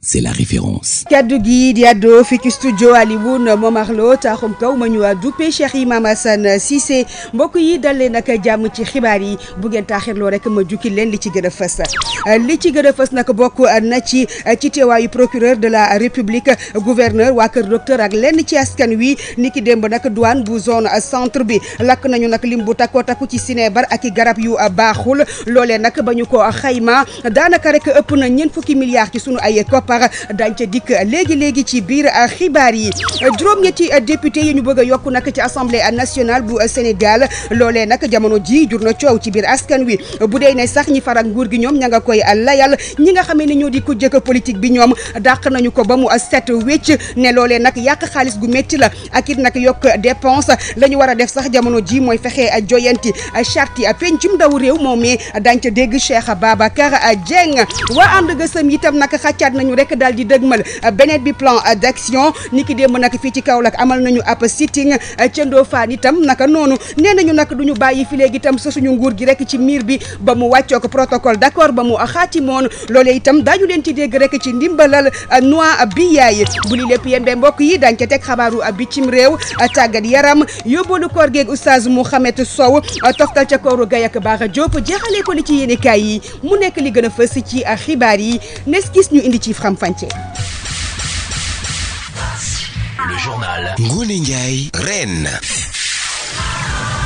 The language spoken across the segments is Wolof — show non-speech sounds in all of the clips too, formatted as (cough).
c'est la référence. kaddu gi di àddoo studio Alioune Momar taaxum kaw ma ñu duppe Cheikh Imam Assane Cissé mbokk yi dal leen ak jàmm ci xibaar yi bu ngeen taaxirloo rek ma jukki leen li ci gën a fës. li ci gën a fës nag bokk na ci ci teewaayu procureur de la république gouverneur waa kër docteur ak lenn ci askan wi niki démb nag douane bu zone centre bi lakk nañu nag lim bu takkoo takku ci sinébar ak i garab yu baaxul loolee nag ba ñu ko xayma daanaka rek ëpp na ñeent fukki milliards ci sunu koppar dañ ca dikk léegi léegi ci biir xibaar yi juróom-ñetti député yi ñu bëgg a yokk nak ci assemblée nationale bu Sénégal loolee nag jamono ji jur na coow ci biir askan wi bu dee ne sax ñi faral nguur gi ñoom ña nga koy layal ñi nga xamee ne ñoo di ko jëkk politique bi ñoom dàq nañu ko ba mu set wecc ne loolee nag yàq xaalis gu métti la ak it nag yokk dépense la ñu war a def sax jamono ji mooy fexe joyanti charte pencum ndaw réew moom mi dañ ca dégg Cheikh Babacar Dieng waa ànd gësëm itam nag xàccaat nañu rek daal di dëgmal euh, beneen bi plan euh, d' action ni ki démb nak fii ci kaw Kaolack amal nañu ab sitting euh, ca Ndofane itam naka noonu nee nañu nag du ñu bàyyi fi léegi itam sa suñu nguur gi rek ci miir bi ba mu wàccook protocole d' accord ba mu xaatimoon loolee itam daa ñu leen ci dégg rek ci ndimbalal noix bi yaay bu li lépp yembe mbokk yi dañ ca teg xabaaru bi cim réew tàggat yaram yóbboolu koor geeg oustaz Mouhamed Sow toftal ca kooru gay ak baax a Diop jeexalee ko li ci yéenekaay yi mu nekk li gën a fës ci xibaar yi nes faram-fàccee. Le journal Ngoné Ndiaye Reine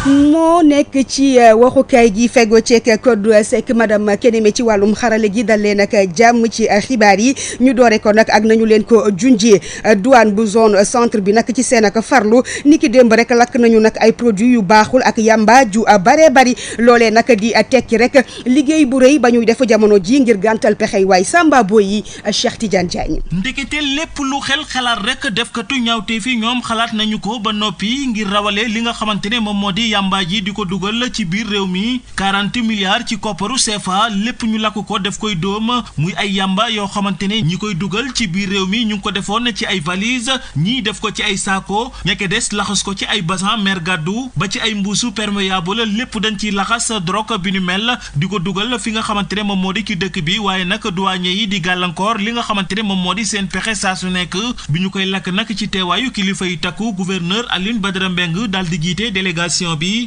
moo nekk ci euh, waxukaay gi fego ceek Codou Seck madame Keneme ci wàllum xarale gi dal leen ak jàmm ci xibaar yi ñu doore ko nag ak nañu leen ko junjee duwaan bu zone centre bi nak ci seen ak farlu ni ki démb rek lakk nañu nag ay produits yu baaxul ak yamba ju bare bari loolee nag di tekki rek liggéey bu rëy ba ñuy def jamono ji ngir gàntal pexey waay Samba Boy yi Cheikh Tidiane Diagne. ndekete lépp lu xel xalaat rek def katu ñaawte fi ñoom xalaat nañu ko ba noppi yàmbaa ji di ko dugal ci biir réew mi 40 milliards ci kopparu CFA lépp ñu lakk ko def koy dóom muy ay yàmba yoo xamante ne ñi koy dugal ci biir réew mi ñu ngi ko defoon na ci ay valise ñii def ko ci ay saako ñekke des laxas ko ci ay basan mer gàddu ba ci ay mbuusu perméable lépp dañ ciy laxas drogue bi ñu mel di ko dugal fi nga xamante ne moom moo di ci dëkk bi waaye nag douanier yi di gàllankoor li nga xamante ne moom moo di seen pexe saa su nekk bi ñu koy lakk nag ci teewaayu kilifa yi takku gouverneur Alioune Badara Mbengue daal di jiite bi.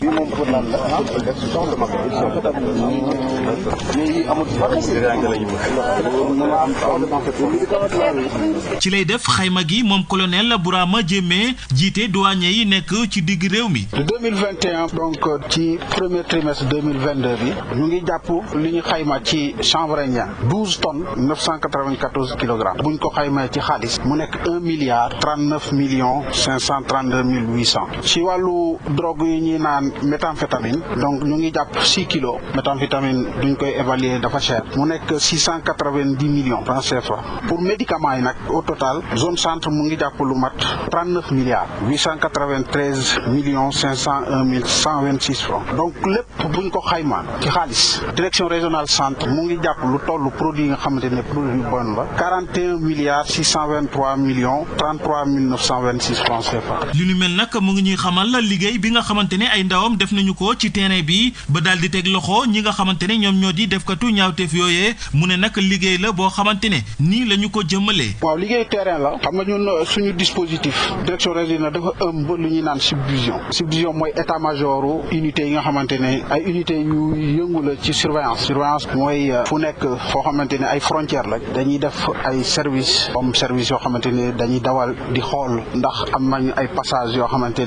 ci lay def xayma gi moom colonel Bourama Diémé jiite douane yi nekk ci digg réew mi. de mille vingt donc ci premier trimestre mille vingt deux bi mu ngi jàpp liñu xayma ci chanvreña douze tonne neuf cent quatre vingt quatorze ko xayma ci xaalis mu nekk un milliard trente neuf millions cinq cent trente deux mille ci wàllu drogue yi ñuy naan méthamphétamine donc ñu ngi jàpp six kilos méthamphétamine duñ koy évaluer dafa cher mu nekk six cent quatre pour médicaments yi nag au total zone centre mu ngi jàpp lu mat trente-neuf milliards huit cent quatre-vingt-treize millions cinq cent un mille cent vingt-six francs donc lépp buñ ko xaymaa ci xaalis direction régionale centre mu ngi jàpp lu toll produit nga xamante ne produit bon la quarante et un milliards six cent vingt-trois millions trente-trois ay ndawam def nañu ko ci terrain bi ba daal di teg loxo ñi nga xamante ne ñoom ñoo di defkatu ñaawteef yooyee mu ne nag liggéey la boo xamante ne nii la ñu ko jëmmalee. waaw liggéey terrain la xam nga ñun euh, suñu dispositif direction na dafa ëmb lu ñuy naan subdivision subdivision mooy état major unité yi nga xamante ne ay unité yu yëngula ci surveillance surveillance mooy euh, fu nekk foo xamante ne ay frontière la dañuy def ay service comme service yoo xamante ne dañuy dawal di xool ndax yoo xamante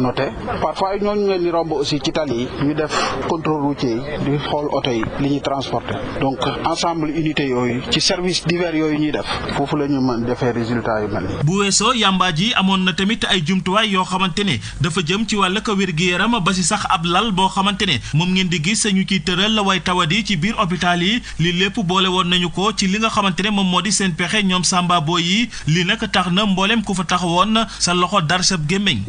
noté parfois ñooñu ngeen di ñu def contrôle xool oto yi ñuy transporté donc ensemble unité yooyu ci service divers yooyu ñuy def foofu la ñu mën defee résultat yu mel bu weesoo yàmbaa ji amoon na tamit ay jumtuwaay yoo xamante ne dafa jëm ci wàll ko wér gi yaram ba si sax ab lal boo xamante ne moom ngeen di gis ñu ciy tëral way tawat yi ci biir hôpital yi li lépp boole woon nañu ko ci li nga xamante ne moom moo di seen pexe ñoom Samba yi li nag tax na mbooleem ku fa taxawoon sa loxo dar sab gémmiñ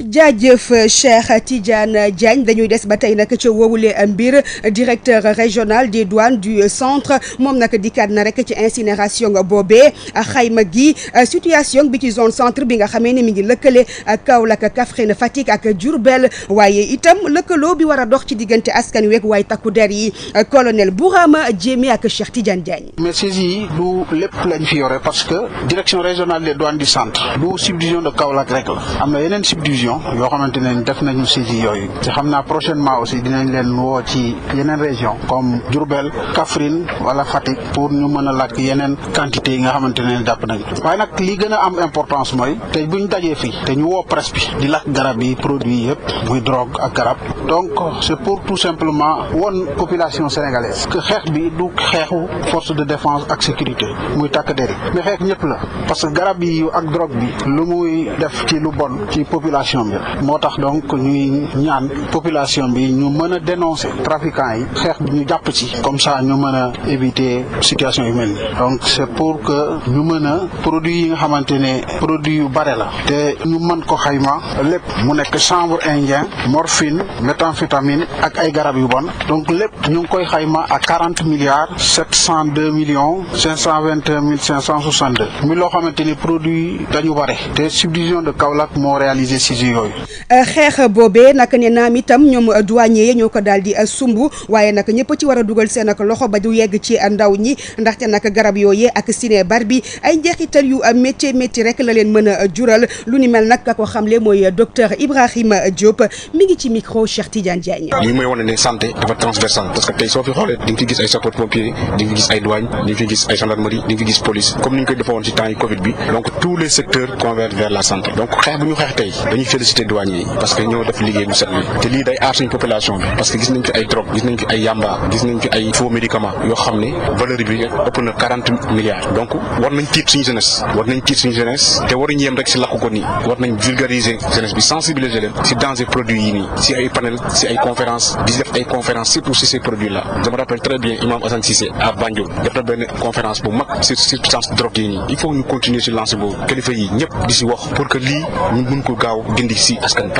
Cheikh Tidiane Diagne dañuy des ba tey nag ca woowule mbir directeur régional des douanes du centre moom nag dikkaat na rek ci incinération boobee xayma gi situation bi ci zone centre bi nga xamee ne mi ngi lëkkale Kaolack Kaffrine Fatick ak Diourbel waaye itam lëkkaloo bi war a dox ci diggante askan weeg waaye takku der yi colonel Bourama Diémé ak Cheikh Tidiane Diagne. mais saisi yi du lépp lañ fi yore parce que direction régional des douanes du centre du subdivision de Kaolack rek la am na yeneen nañ def nañu saisie yooyu te xam naa prochainement aussi dinañ leen woo ci yeneen région comme Diourbel Kaffrine wala Fatick pour ñu mën a laaj yeneen quantité yi nga xamante ne dàpp nañ waaye nag li gën am importance mooy tey ñu dajee fii te ñu woo presse bi di lakk garab yi produit yëpp muy drogue ak garab donc c'est pour tout simplement won population sénégalaise que xeex bi du xeexu force de défense ak sécurité muy takk der yi mais xeex ñëpp la parce que garab yi ak drogue bi lu muy def ci bon ci population tax donc ñuy ñaan population bi ñu mën a dénoncer trafiquants yi xeex bi ñu jàpp ci comme ça ñu mën a éviter situation yu mel ni donc c'est pour que ñu mën a produit yi nga xamante ne produit yu bare la te ñu mën ko xayma lépp mu nekk chanvre indien morphine méthamphétamine ak ay garab yu bon donc lépp ñu ngi koy xayma à quarante milliards sept cent deux millions cinq cent vingt et mille cinq cent soixante deux mi loo xamante ni produit dañu bare te subdivision de Kaolack moo réalisé si yooyu euh, xeex boobee nag ne naam itam ñoom douanier ñoo ko daal di sumb waaye nag ñëpp ci war dugal seen ak loxo ba du yegg ci ndaw ñi ndaxte nag garab yooyee ak sine bar bi ay njeexital yu métti métti rek la leen mën a jural lu ni mel nag ka ko xamle mooy docteur Ibrahima Diop mi ngi ci micro Cheikh Tidiane Diagne. lii mooy wane ne santé dafa transversal parce que tey soo fi xoolee di fi gis ay sapeur pompier di fi gis ay douane di fi gis police comme ni ñu ci temps yi Covid bi donc tous les secteurs convergent vers la santé donc xeex bu ñu xeex tey dañuy féliciter douaniers parce que ñoo def liggéey bu set bi te lii day aar suñ population bi parce que gis nañ fi ay drogue gis nañ fi ay yamba gis nañ fi ay faux médicament yoo xam ne valeur bi ëpp na milliards donc war nañ tiit suñu jeunesse war nañ tiit suñu jeunesse te waruñu yem rek si war nañ vulgariser si danger produit yi nii si ay panel si ay conférence di def ay conférence surtout si ces produits là je rappelle très bien imam Assane Cissé à Banjul def na benn conférence bu mag sur substance drogue yi nii il faut ñu continuer si lancer boobu kilifa yi ñëpp di si wax pour que lii ñu mun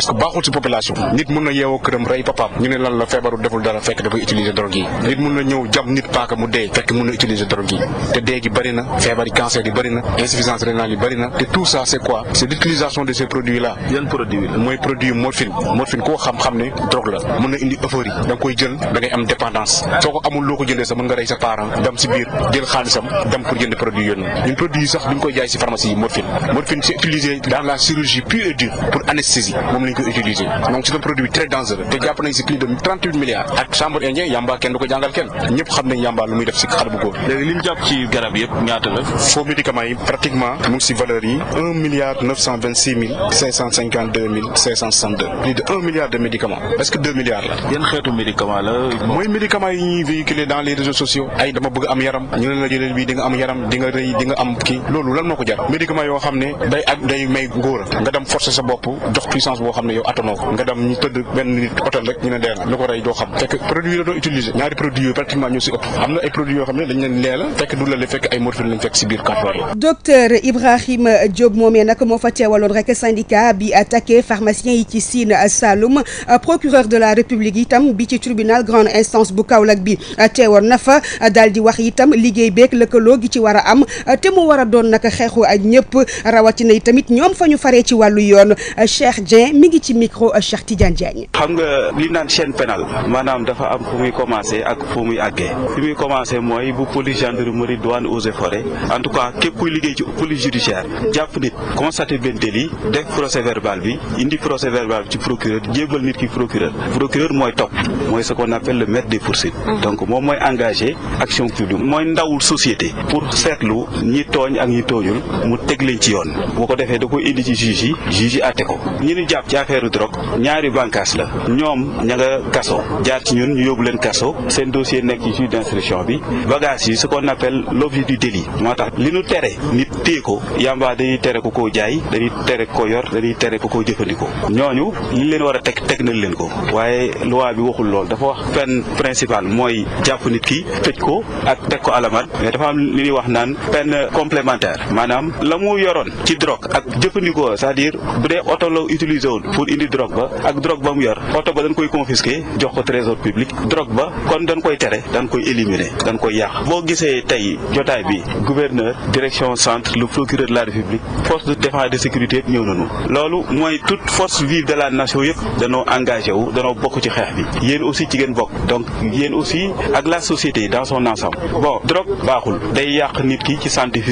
parce que baaxul si population nit mun na yeewoo këram rey papaam ñu ne lan la feebaru deful dara fekk dafay utiliser drogue yi nit mun na ñëw jam nit paaka mu dee fekk mun na utiliser drogue yi te dee gi bëri feebar yi cancer yi bëri insuffisance rénale yi bëri te tout ça c' quoi c' utilisation de ces produits là. la mooy produit morphine morphine koo xam-xam ne drogue la mun na indi euphorie da koy jël da am dépendance soo ko amul sa parent dem si biir jël xaalisam dem pour jënd produit lañ ko utiliser donc c'est un produit très dangereux te jàpp nañ si plus de 38 milliards ak chambre indien yamba kenn du ko jàngal kenn ñëpp xam nañ yamba muy def si xar bu góor léegi jàpp ci garab yëpp ñaata la plus de 1 milliard de médicaments est que 2 milliards la mooy médicaments yi ñuy véhiculer dans les réseaux sociaux ay dama bëgg am yaram ñu ne la jëleel bi di am yaram di rëy di am kii loolu lan moo ko jar médicament xam ne yow attanoo ko nga dem ñu tëdd benn nit hôtel rek ñu ne dee na lu ko rey moomee nag moo fa teewaloon rek syndicat bi attaqué pharmacien yi ci Sine Saloum procureur de la République itam bi ci tribunal grande instance bu Kaolack bi teewoon na fa daal di wax itam liggéey beeg lëkkaloo gi ci war a am te mu war a doon nag xeexu ak ñëpp rawatina yi tamit ñoom fa ñu faree ci wàllu yoon Cheikh Dieng ngi ci micro euh, Cheikh Tidiane Diagne. xam nga li naan chaîne pénale maanaam dafa am fu muy commencé ak fu muy àggee fi muy commencé mooy bu police gendarmerie douane eaux et forêt en tout cas képp kuy liggéey ci police judiciaire jàpp nit constaté benn délit def procès verbal bi indi procès verbal bi ci procureur jébal nit ki procureur procureur mooy topp mooy ce qu'on appelle le maître des poursuites mm. donc moom mooy engagé action publique mooy ndawul société pour seetlu ñi tooñ ak ñi tooñul mu teg leen ci yoon boo ko defee da indi ci juge yi juge affaire drogue ñaari bànkaas la ñoom ña nga kaso jaar ci ñun ñu yóbbu leen kaso seen dossier nekk ci juge d'instruction bi bagage yi ce qu'on appelle l'objet du moo tax li nu tere nit téye ko yamba dañuy tere ko koo jaay dañuy tere ko yor dañuy tere ko koo jëfandikoo ñooñu li leen war a teg teg nañ leen ko waaye loi bi waxul lool dafa wax peine principale mooy jàpp nit ki tëj ko ak teg ko alamat mais dafa am li ñuy wax naan penn complémentaire maanaam la mu yoroon ci pour indi drogue ba ak drogue ba mu yor oto ba dañ koy confisquer jox ko trésor public drogue ba kon dañ koy tere dañ koy éliminer dañ koy yàq boo gisee tey jotaay bi gouverneur direction centre lu procureur la république force de défense de sécurité yëpp ñëw nañu loolu mooy toute force vive de la nation yëpp danoo engagé wu danoo bokk ci xeex bi yéen aussi ci ngeen bokk donc yéen aussi ak la société yi son ensemble bon drogue baaxul day yàq nit ki ci santé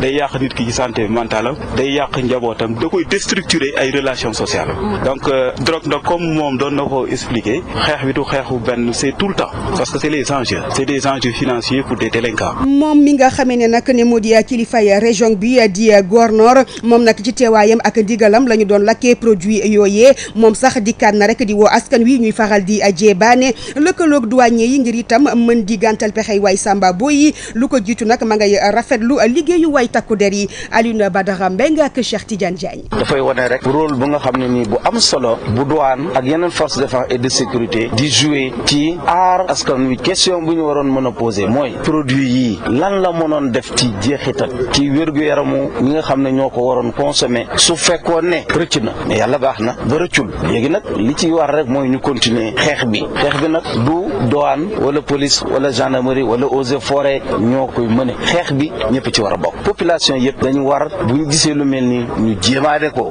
day yàq nit ki ci santé mentale am day yàq njabootam da koy déstructurer ay relations sociales donc euh, drogue nag comme moom doon na ko expliquer xeex bi du xeexu benn c' est tout le temps parce que c' est les enjeux c' est des enjeux financiers pour des délinquants. moom mi nga xamee ne nag ne moo di kilifay région bi di Gornor moom nag ci teewaayam ak ndigalam la doon lakkee produit yooyee moom sax dikkaat na rek di woo askan wi ñuy faral di jéebaane lëkkaloog douanier yi ngir itam mën di gàntal pexey waay Samba Boy yi lu ko jiitu nag ma ngay rafetlu liggéeyu waay takku der yi Alioune Badara Mbengue ak Cheikh Tidiane Diagne. dafay wane liggéey bu am solo bu douane ak yeneen force de défense et de sécurité di jouer ci aar askan wi question bu ñu waroon mën a poser mooy produit yi lan la mënoon def ci jeexital ci wér-gu-yaramu ñi nga xam ne ñoo ko waroon consommer su fekkoon ne rëcc na mais yàlla baax na ba rëccul léegi nag li ci war rek mooy ñu continuer xeex bi xeex bi nag du douane wala police wala gendarmerie wala eaux et forêts ñoo koy mëne xeex bi ñëpp ci war a bokk population yëpp dañu war bu gisee lu mel ni ñu jéemaade ko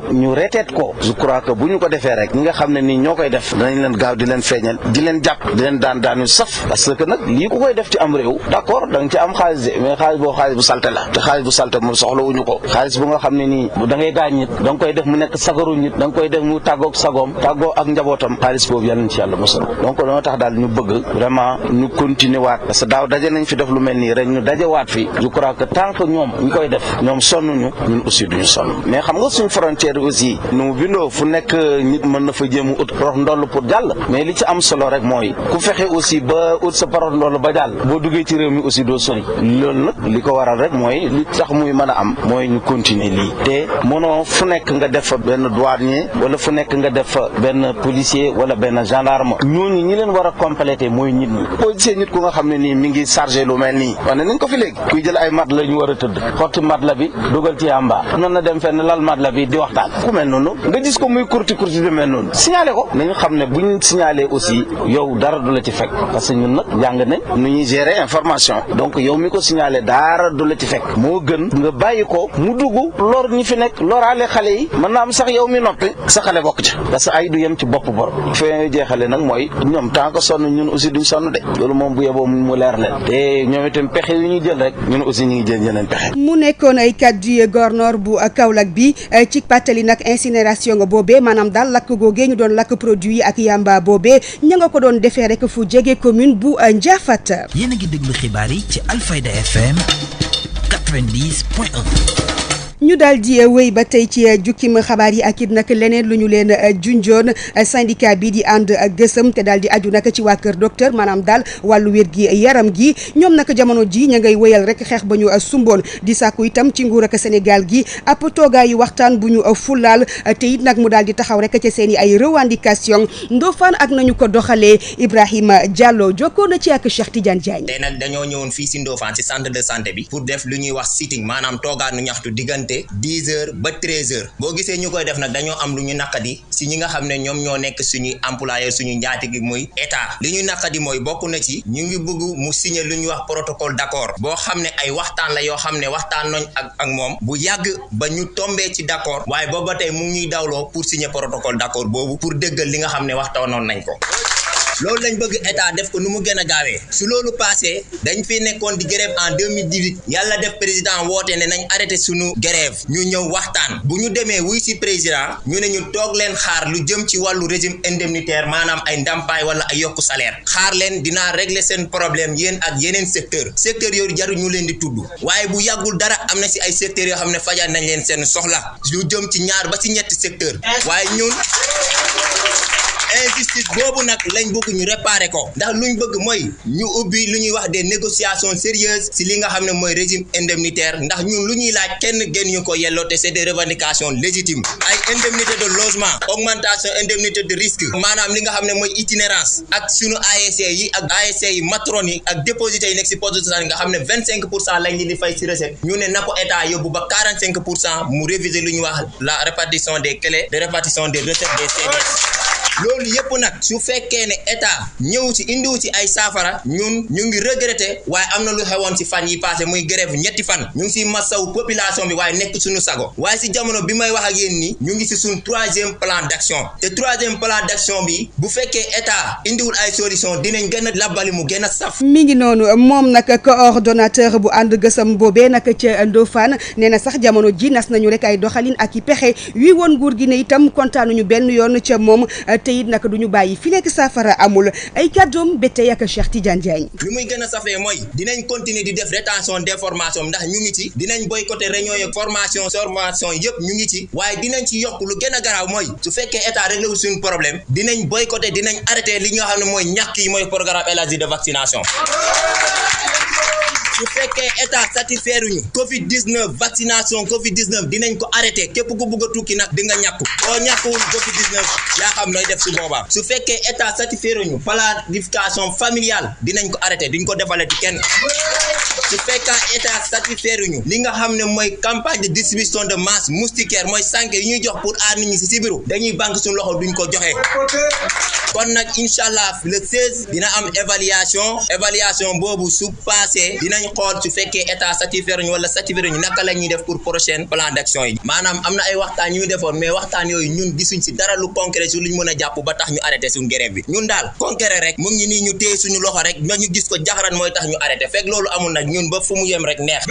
parce que bu ñu ko defee rek ñi nga xam ne nii ñoo koy def danañ leen gaaw di leen feeñal di leen jàpp di leen daan daan saf parce que nag lii ku koy def ci am réew d'accord da nga ci am xaalis de mais xaalis boo nga xam ne nii da gaañ nit da koy def mu nekk sagaru nit da koy def mu tàggoog sagoom tàggoo ak njabootam xaalis boobu yal nañ ci yàlla mosal donc dañoo tax daal ñu bëgg vraiment ñu continuer waat parce que daaw daje nañ fi def lu mel nii rek ñu dajewaat fi je koy def ñoom nekk nit mën na fa jéem ut porox ndoll pour jàll mais li ci am solo rek mooy ku fexe aussi ba ut sa porox ndoll ba jàll boo duggee ci réew mi aussi doo sori loolu nag li ko waral rek mooy li tax muy mën a am mooy ñu continuer lii te mënoo fu nekk nga def fa benn douanier wala fu nekk nga def fa benn policier wala benn gendarme ñooñu ñi leen war a compléter mooy nit ñi boo gisee nit nga xam ne nii mi ngi chargé lu mel nii wane nañ ko fi léegi kuy jël ay mat la ñu war a tëdd xotti mat la bi dugal ci yamba noonu na dem fenn lal mat la bi di waxtaan ku kuy kurti kurti demee noonu signalé ko nañu xam ne buñ signalé aussi yow dara du la ci fekk parce que ñun nag jàng nañ nu ñuy gérer information donc yow mi ko signalé dara du la ci fekk moo gën nga bàyyi ko mu dugg lor ñi fi nekk loraale xale yi mën naa am sax yow mi noppi sa xale bokk ci parce ay du yem ci bopp bor fee jeexale nag mooy ñoom tant que sonn ñun aussi duñ sonn de loolu moom bu yeboo mu leer leen te ñoom itam pexe yu ñuy jël rek ñun aussi ñu ngi jël yeneen pexe. mu boobee maanaam daal lakk googee ñu doon lakk produit yi ak yamba boobee ña nga ko doon defee rek fu jege commune bu euh, Ndiaffate. yéen a ngi déglu xibaar yi ci al Alfayda FM ñu daal di eh, wéy ba tey ci eh, jukkim xabaar yi ak it nag leneen lu ñu leen eh, junjoon syndicat bi di ànd gësëm te daal di aju nag ci waa kër docteur maanaam daal wàllu wér gi yaram gi ñoom nag jamono ji ña ngay wéyal rek xeex ba ñu sumboon di sàkku itam ci nguur ak Sénégal gi ab toogaayu waxtaan bu ñu fulaal te it nag mu daal di taxaw rek ci seen i ay revendication Ndofane ak nañu ko doxalee Ibrahima jàlloo jokkoo na ci ak Cheikh Tidiane Diagne. tey nag dañoo ñëwoon fii si Ndofane si centre de santé bi pour def lu ñuy wax sitting maanaam toogaanu ñaxtu diggante. diggante dix ba treize heures boo gisee ñu koy def nag dañoo am lu ñu naqadi si ñi nga xam ne ñoom ñoo nekk suñuy employeur suñu njaatige muy état li ñu naqadi mooy bokk na ci ñu ngi bëgg mu signer lu ñuy wax protocole d'accord boo xam ne ay waxtaan la yoo xam ne waxtaan nañ ak ak moom bu yàgg ba ñu tombee ci d'accord waaye booba tey mu ngi ñuy dawloo pour signer protocole d'accord boobu pour dëggal li nga xam ne waxtaanoon nañ ko loolu lañ bëgg état def ko nu mu gën a gaawee su loolu passé dañ fi nekkoon di grève en 2018 yàlla def président woote ne nañ arrêté sunu grève ñu ñëw waxtaan bu ñu demee wuy si président ñu ne ñu toog leen xaar lu jëm ci wàllu régime indemnitaire maanaam ay ndàmpaay wala ay yokk salaire xaar leen dinaa régler seen problème yéen ak yeneen secteur secteur yooyu jarul leen di tudd waaye bu yàggul dara am na si ay secteurs yoo xam ne fajaan nañ leen seen soxla lu jëm ci ñaar ba si ñetti secteur injustice boobu nag lañ bëgg ñu réparer ko ndax luñ bëgg mooy ñu ubbi lu ñuy wax de négociation sérieuses si li nga xam ne mooy régime indemnitaire ndax ñun lu ñuy laaj kenn gën ñu ko yello te c'est des revendications légitimes ay indemnité de logement augmentation indemnité de risque maanaam li nga xam ne mooy itinérance ak sunu ASC yi ak ASC yi matron ak dépositaires yi nekk si poste nga xam ne vingt cinq pour cent lañ li di fay si recette ñu ne na pour cent mu réviser lu ñuy wax la répartition de répartition des recettes loolu yëpp nag su fekkee ne état ñëw ci indiwu ci ay saafara ñun ñu ngi regretter waaye am na lu xewoon ci fan yi passé muy grève ñetti fan ñu ngi ci massaw population bi waaye nekk suñu sago waaye ci jamono bi may wax ak yéen ni ñu ngi ci suñ troisième plan d'action te troisième plan d'action bi bu fekkee état indiwul ay solution dinañ gën a labali mu gën a saf. mi ngi noonu moom nag coordonnateur bu ànd gësam boobee nag ca Ndofane nee na sax jamono ji nas nañu rek ay doxalin ak yi pexe yuy woon nguur gi ne itam kontaanuñu benn yoon ca moom te it nag du ñu bàyyi fi nekk saafara amul ay kàddoom ba tey ak Cheikh Tidiane Diagne. li muy gën a safee mooy dinañ continuer di def rétention formation ndax ñu ngi ci dinañ boy boycotter réunion yeeg formation formation yëpp ñu ngi ci waaye dinañ ci yokk lu gën a garaaw mooy su fekkee état réglé wu suñu problème dinañ boycotter dinañ arrêter li nga xam ne mooy ñàkk yi mooy programme élargi de vaccination. bu fekkee état satisfaire ñu Covid 19 vaccination Covid 19 dinañ ko arrêté képp ku bugg a tukki nag dinga ñàkku boo ñàkkuwul Covid 19 yaa xam nooy def si boobaa su fekkee état satisfaire ñu planification familiale dinañ ko arrêté duñ ko defalee di kenn. su fekkee état satisfaire ñu li nga xam ne mooy campagne de distribution de masse moustiquaire mooy sànke yi ñuy jox pour aar nit ñi si sibiru dañuy banque suñu loxo duñ ko joxe kon nag incha allah le 16 dina am évaluation évaluation boobu su passé xool su fekkee état satisfaire ñu wala satisfaire ñu naka la ñuy def pour prochaine plan d'action yi maanaam am na ay waxtaan yu ñu defoon mais waxtaan yooyu ñun gisuñ si dara lu concret su luñ mën a jàpp ba tax ñu arrêté su grève bi ñun daal concret rek mu ngi nii ñu téye suñu loxo rek na ñu gis ko jaxaran mooy tax ñu arrêté fekk loolu amul nag ñun ba fu mu yem rek neex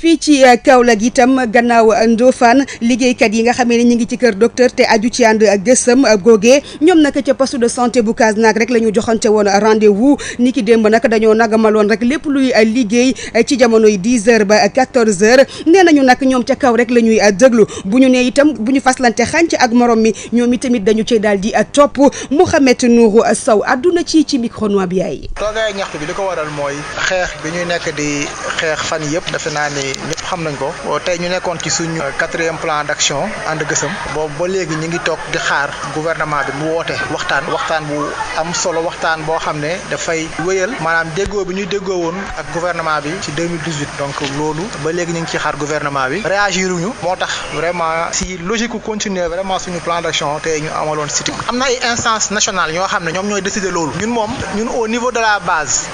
fii ci eh, Kaolack itam gannaaw eh, Ndofane liggéeykat yi nga xamee ne ñu ngi ci kër docteur te aju ci ànd ak gëstam eh, googee ñoom nag ca poste de santé bu nag rek la ñu joxante woon rendez-vous ni ki démb nag dañoo nagamaloon rek lépp luy liggéey ci jamonoy 10 heures ba 14 heures nee nañu nag ñoom ca kaw rek la ñuy déglu bu ñu nee itam bu ñu faslante xànc ak morom mi ñoom itamit dañu cee daal di topp Mouhamed Nourou saw àdduna ci ci micro bi yaay. toogaay ñaxtu bi ko waral mooy xeex bi ñuy nekk di xeex ni xam nañ ko tey ñu nekkoon ci suñu euh, quatrième plan d' action gësëm boobu ba léegi ñu ngi toog di xaar gouvernement bi mu woote waxtaan waxtaan bu am solo waxtaan boo xam ne dafay wéyal maanaam déggoo bi ñu déggoo woon ak gouvernement bi ci 2018 donc loolu ba léegi ñu ngi ci xaar gouvernement bi réagiruñu moo tax vraiment si logique ku continuer vraiment suñu plan d' action tey ñu amaloon sitting am na ay instance nationale ñoo xam ne ñoom ñooy décider loolu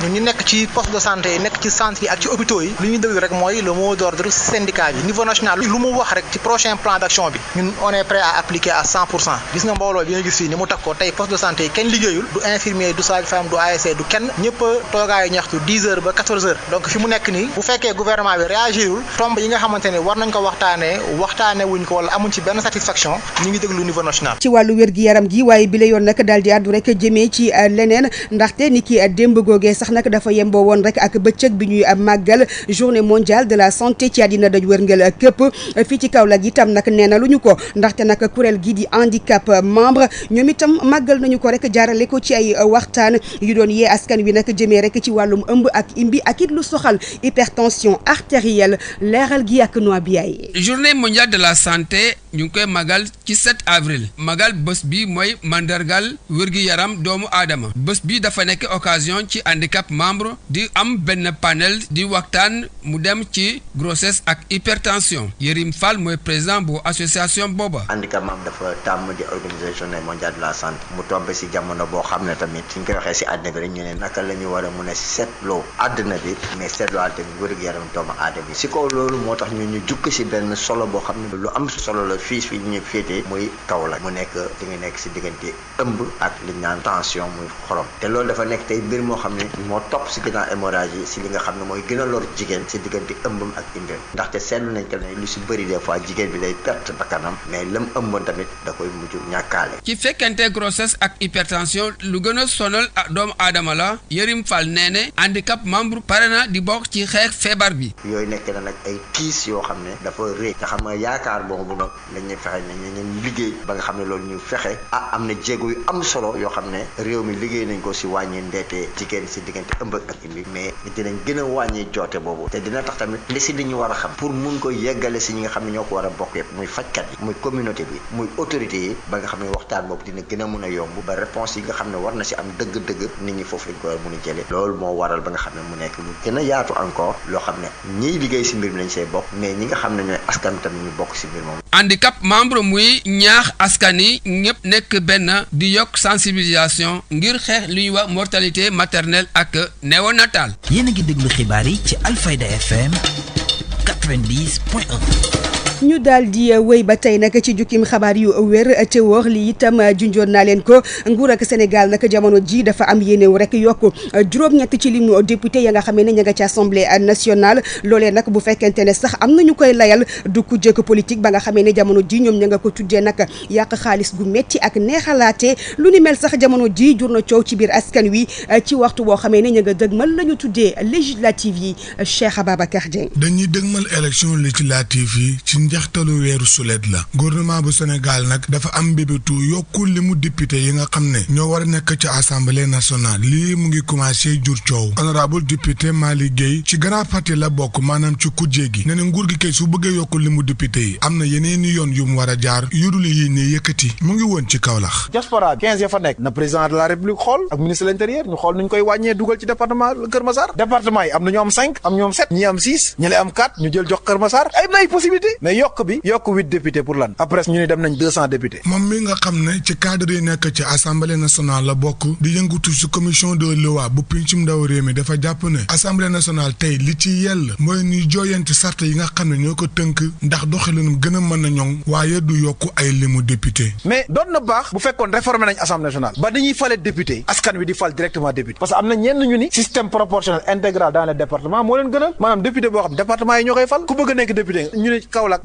ñu nekk ci poste de santé nekk ci yi mot mu nekk nii bu fekkee gouvernement bi réagirul tomb yi nga xamante war nañ ko waxtaanee waxtaanee wuñ ko wala amuñ ci benn satisfaction ñu ngi déglu niveau national. ci wàllu wér gi yaram gi waaye bi yoon nag daal di àddu rek jëmee ci euh, leneen ndaxte ni ki euh, démb googee sax nag dafa yemboo woon rek ak bëccëg bi ñuy euh, màggal journée mondiale de la santé ci àddina daj wërngel képp fii ci Kaolack itam nag nee na lu ñu ko ndaxte nag kuréel gi di handicap membre ñoom itam màggal nañu ko rek jaarale ko ci ay waxtaan yu doon yee askan wi nag jëmee rek ci wàllum ëmb ak imbi ak it lu soxal hypertension artérielle leeral gi ak noa bi ay journée mondiale de la santé ñu ngi koy magal ci 7 avril magal bës bi mooy mandargal wér-gi-yaram doomu aadama bés bi dafa nekk occasion ci handicap membre di am benn panel di waxtaan mu dem ci grossesse ak hypertension yëriñ Fall mooy président bu association booba handicap maam dafa tàmm di organisation journée mondial de la santé mu tombe si jamono boo xam ne tamit ci koy waxee si àddina bi ñu ne naka la ñu war a mun a seetloo àddina bi mais seetloo tamit wér gu yaram doomu aadama bi si kaw loolu moo tax ñu ñu jukki si benn solo boo xam ne lu am solo la fii fii ñu féete muy kaw la mu nekk li nga nekk si diggante ëmb ak li ñu naan tension muy xorom te loolu dafa nekk tey mbir moo xam ne moo topp si ginnaaw hémorragie si li nga xam ne mooy gëna a lor jigéen si diggante ak indeen ndaxte seetlu nañ ko lu si bëri des fois jigéen bi day perte bakkanam mais lam ëmboon tamit da koy mujj ñàkkaale ci fekkente grossesse ak hypertension lu gën a sonal doomu aadama la Yërim fal nee ne kap membre pare na di bokk ci xeex feebar bi yooyu nekk la nag ay tiis yoo xam ne dafa réy nga xam nga yaakaar boobu nag lañuy fexe ne ñeen liggéey ba nga xam ne loolu ñu fexe ah, am na jéego yu am solo yoo xam ne réew mi liggéey nañ ko si wàññi ndeetee jigéen si diggante ëmb ak indi mais dinañ gën a wàññi joote boobu te tax tamit li si ñu war a xam pour mun ko yeggale si ñi nga xam ne ñoo ko war a bokk yëpp muy fajkat yi muy communauté bi muy autorité yi ba nga xam ne waxtaan boobu dina gën a mun a yomb ba réponse yi nga xam ne war na si am dëgg-dëgg nit ñi foofu lañ ko war a waral ba nga xam ne mu nekk lu gën a yaatu loo xam ne ñiy liggéey si mbir mi lañ bokk mais ñi nga xam ne ñooy askan bi tamit ñu bokk si mbir moom handicap membre muy ñaax askan yi ñëpp nekk benn di yokk sensibilisation ngir xeex li ñuy wax mortalité maternelle ak néonatale yéen a gi déglu xibaar yi ci Alfayda FM 90 point 1 ñu daal di eh, wéy ba tey nag ci jukkim xabaar yu wér te wóor li itam eh, junjoon naa leen ko nguur ak Sénégal nag jamono ji dafa am yéenew rek yokk juróom-ñett ci limu député ya nga xamee ne ña nga ci assemblée nationale loolee nag bu fekkente ne sax am na ñu koy layal du ku jëkk politique ba nga xamee ne jamono ji ñoom ña nga ko tuddee nag yàq xaalis gu métti ak neexalaate lu ni mel sax jamono ji jur na coow ci biir askan wi eh, ci waxtu boo xamee ne ña nga dëgmal la ñu tuddee yi Cheikh Ababacar Dieng dañuy dëgmal njeextalu weeru sulet la gouvernement bu Sénégal nag dafa am mbébétu yokkul li mu député yi nga xam ne ñoo war a nekk ci assemblée nationale lii mu ngi commencé jur coow honorable député Malick Guèye ci grand parti la bokk maanaam ci kujje gi ne ne nguur gi kay su bëggee yokkul li mu député yi am na yeneen i yoon yu mu war a jaar yudul yi ne yëkkati mu ngi woon ci Kaolack diaspora bi 15 ya fa nekk na président de la république xool ak ministre de l'intérieur ñu xool nuñ koy wàññee dugal ci département Kër Massar département yi am na ñu am 5 am yokk bi yokk huit députés pour lan après ñu ni dem nañ deux cent députés. moom mi nga xam ne ci cadre yi nekk ci assemblée nationale la bokk di yëngatu ci commission de loi bu pincum ndaw réew mi dafa jàpp ne assemblée nationale tey li ci yell mooy ñuy jooyanti sart yi nga xam ne ñoo ko tënk ndax doxalinam gën mën a waaye du yokk ay limu député. mais doon na baax bu fekkoon réformé nañ assemblée nationale ba dañuy fale député askan wi di fal directement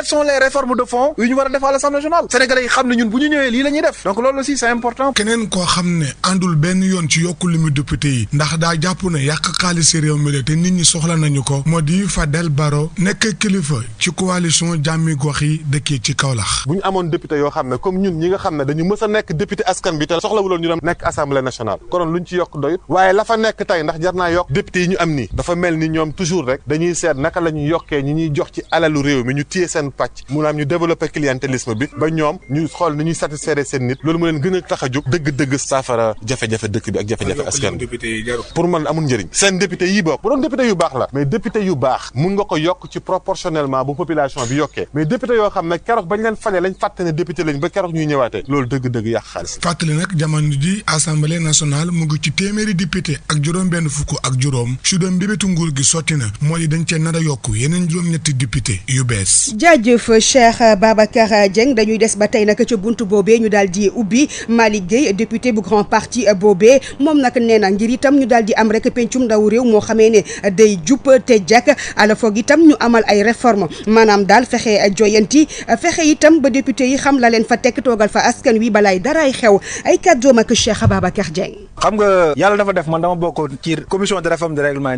quelles sont les réformes de fond yi xam ne ñun bu ñu ñëwee lii la def donc loolu aussi c'est important keneen koo xam ne àndul benn yoon ci yokku limu député yi ndax daa jàpp ne yàq xaalis réew mi la te nit ñi soxla nañu ko moo di Fadel Barro nekk kilifa ci coalition jàmmi gox yi dëkkee ci Kaolack bu ñu amoon député yoo xam ne comme ñun ñi nga xam ne dañu mës a nekk député askan bi te soxlawuloon ñu dem nekk assemblée nationale konoon luñ ci yokk doyut waaye la fa nekk tey ndax jar naa yokk dafa mel ni ñoom toujours rek dañuy seet naka la ñuy yokkee ñi ñuy jox ci alalu réew mi ñu téye seen beneen pàcc mu naam ñu développer clientélisme bi ba ñoom ñu xool ni ñuy satisfaire seen nit loolu mu leen gën a tax a jóg dëgg-dëgg saafara jafe-jafe dëkk bi ak jafe-jafe askan bi pour man amul njëriñ seen député yi bokk bu ko yokk ci loolu dëgg-dëgg yàq xaalis nag jamono ji assemblée nationale mu ngi ci téeméeri député ak juróom benn fukk ak juróom su doon mbébétu nguur gi sotti na mooy dañ cee nar a yokk yeneen juróom-ñetti député yu bees jaajëf Cheikh euh, Babacar euh, Dieng dañuy des ba tey nag ca buntu boobee ñu daal di ubbi Malick Gueye député bu grand parti euh, boobee moom nag nee ngir itam ñu daal di am rek pencum ndaw réew moo xamee ne day jub te jàkk ala foog itam ñu amal ay réforme maanaam daal fexe joyanti fexe itam ba député yi xam la leen fa tekk toogal fa askan wi balaay daraay xew ay kàddoom ak Cheikh Babacar xam nga yàlla dafa def man dama bokkoon ci commission de réforme de règlement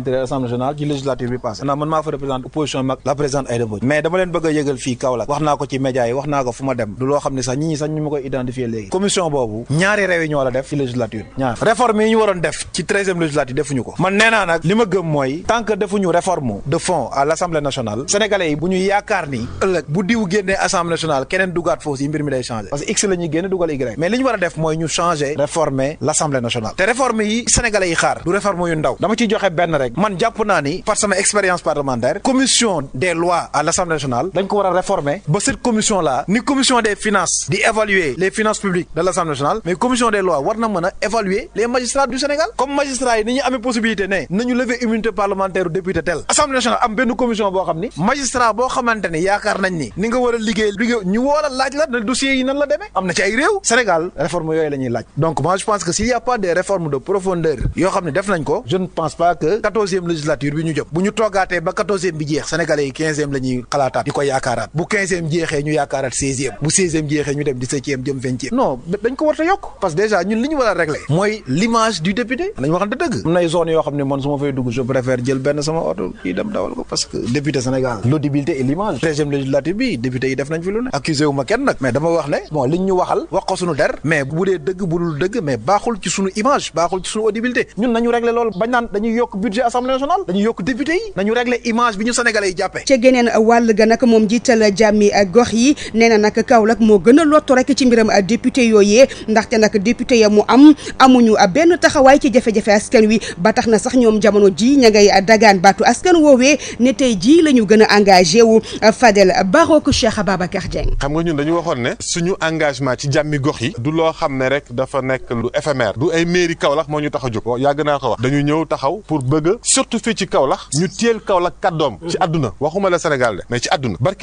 yëgal fii Kaolack wax naa ko ci média yi wax naa ko fu ma dem du loo xam ne sax ñi ñi sax koy identifier léegi commission boobu ñaari réunion la def ci législature ñaar réforme yi ñu waroon def ci treizième législature defuñu ko man nee naa nag li ma gëm mooy tant que defuñu réforme de fond à l' nationale sénégalais yi bu ñu yaakaar ni ëllëg bu diw génnee assemblée nationale keneen dugaat foofu si mbir mi day changé parce que expérience parlementaire ko war a réformer ba cette commission là ni commission des finances di évaluer les finances publiques de l'Assemblée nationale mais commission des lois war na mën a évaluer les magistrats du Sénégal comme magistrats yi ni ñu amee possibilité ne nañu lever immunité parlementaire député tel Assemblée nationale am benn commission boo xam ni magistrat boo xamante yaakaar nañ ni ni nga war a liggéey liggéey ñu woo laaj la ne dossiers yi nan la demee am na yaakaaraat bu quinzième jeexee ñu yaakaaraat seizième bu seizième jeexee ñu dem dix-septième jëm vingtième non dañ ko war yokk parce que déjà ñun li ñu war a mooy l'image du député nañ waxante dëgg parce que député Sénégal l'audibilité et l'image treizième législative bi député yi def nañ fi ne accusé kenn nag mais dama wax ne bon liñ ñu waxal wax ko suñu der mais bu dee dëgg bu dëgg mais baaxul ci suñu image baaxul ci suñu audibilité ñun nañu régler nañu régler njiital jàmmi gox yi nee na nag Kaolack moo gën a lottu rek ci mbiram député yooyee ndaxte nag député ya mu am amuñu benn taxawaay ci jafe-jafe askan wi ba tax na sax ñoom jamono ji ña ngay dagaan baatu askan woowee ne tey jii la ñu gën a engagé wu Fadel Barok Cheikh Ababacar Dieng. xam nga ñun dañu waxoon ne suñu engagement ci jàmmi gox yi du loo xam ne rek dafa nekk lu éphémère du ay mairie Kaolack moo ñu tax a jóg yàgg naa ko wax dañu ñëw taxaw pour bëgg surtout fii ci Kaolack ñu teel Kaolack kàddoom ci àdduna waxuma la Sénégal de mais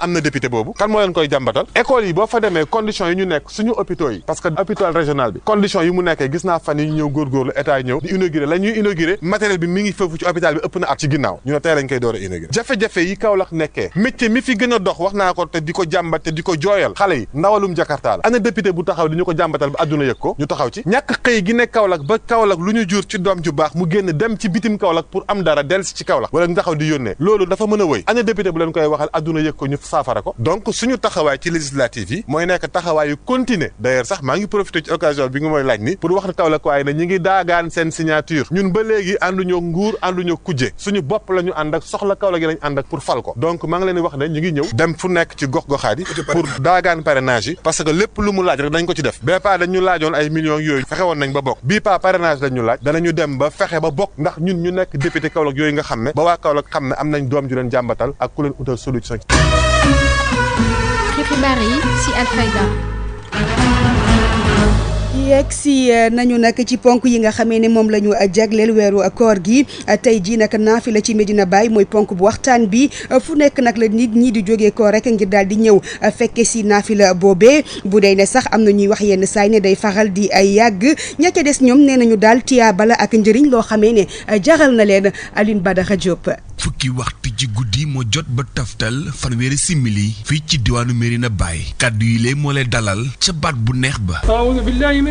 am na député boobu kan moo leen koy jàmbatal école yi boo fa demee condition yi ñu nekk suñu hôpitaux yi parce que hôpital régional bi condition yi mu nekkee gis naa fan yi ñu ñëw góorgóorlu état ñëw ñu inauguré la ñuy matériel bi mi ngi foofu ci hôpital bi ëpp na at ci ginnaaw ñu ne tey lañ koy door a inauguré jafe-jafe yi Kaolack nekkee métier mi fi gën a dox wax naa ko te di ko jàmbat te di ko jooyal xale yi ndawalum jakarta la ana député bu taxaw di ñu jàmbatal ba àdduna yëg ñu taxaw ci ñàkk xëy gi ne Kaolack ba Kaolack lu ñu jur ci doom ju baax mu génn dem ci bitim Kaolack pour am dara delsi ci Kaolack wala ñu di yónnee loolu dafa mën a koy waxal àdduna yëg ko saafara ko donc suñu taxawaay ci législative yi mooy nekk taxawaay yu continuer d'ailleurs sax maa ngi profité ci occasion bi nga mooy laaj ni pour wax ne Kaolack waaye na ñi ngi daagaan seen signature ñun ba léegi ànduñoo nguur ànduñoo kujje suñu bopp la ñu ànd ak soxla Kaolack gi lañu ànd ak pour fal ko donc maa ngi leen wax ne ñu ngi ñëw dem fu nekk ci gox goxaat yi pour daagaan parrainage yi parce que lépp lu mu laaj rek dañ ko ci def bee pas dañu laajoon ay millions yooyu fexe woon bokk bii pas parrainage lañ ñu laaj danañu dem ba fexe ba bokk ñun ñu nekk député Kaolack yooyu nga xam ne ba waa Kaolack xam ne am doom leen jàmbatal ak ku leen utal solution xibaar yi ci Alfayda yegg si euh, nañu nag ci ponk yi nga xamee ne moom la ñu euh, jagleel weeru euh, koor gi tey jii nag naafi la ci Medina Baye mooy ponk bu waxtaan bi fu nekk nag la nit ñi di jógee koo rek ngir daal di ñëw fekke si naafi la boobee bu dee ne sax am na ñuy wax yenn saay ne day faral di ay yàgg ña des ñoom nee nañu daal tiyaa bala ak njëriñ loo xamee ne jaral na leen Aline Badara Diop. fukki waxtu ci guddi moo jot ba taftal fanweeri simili fii ci diwaanu Medina Baye kàddu yi lee moo lay dalal ca bu neex ba.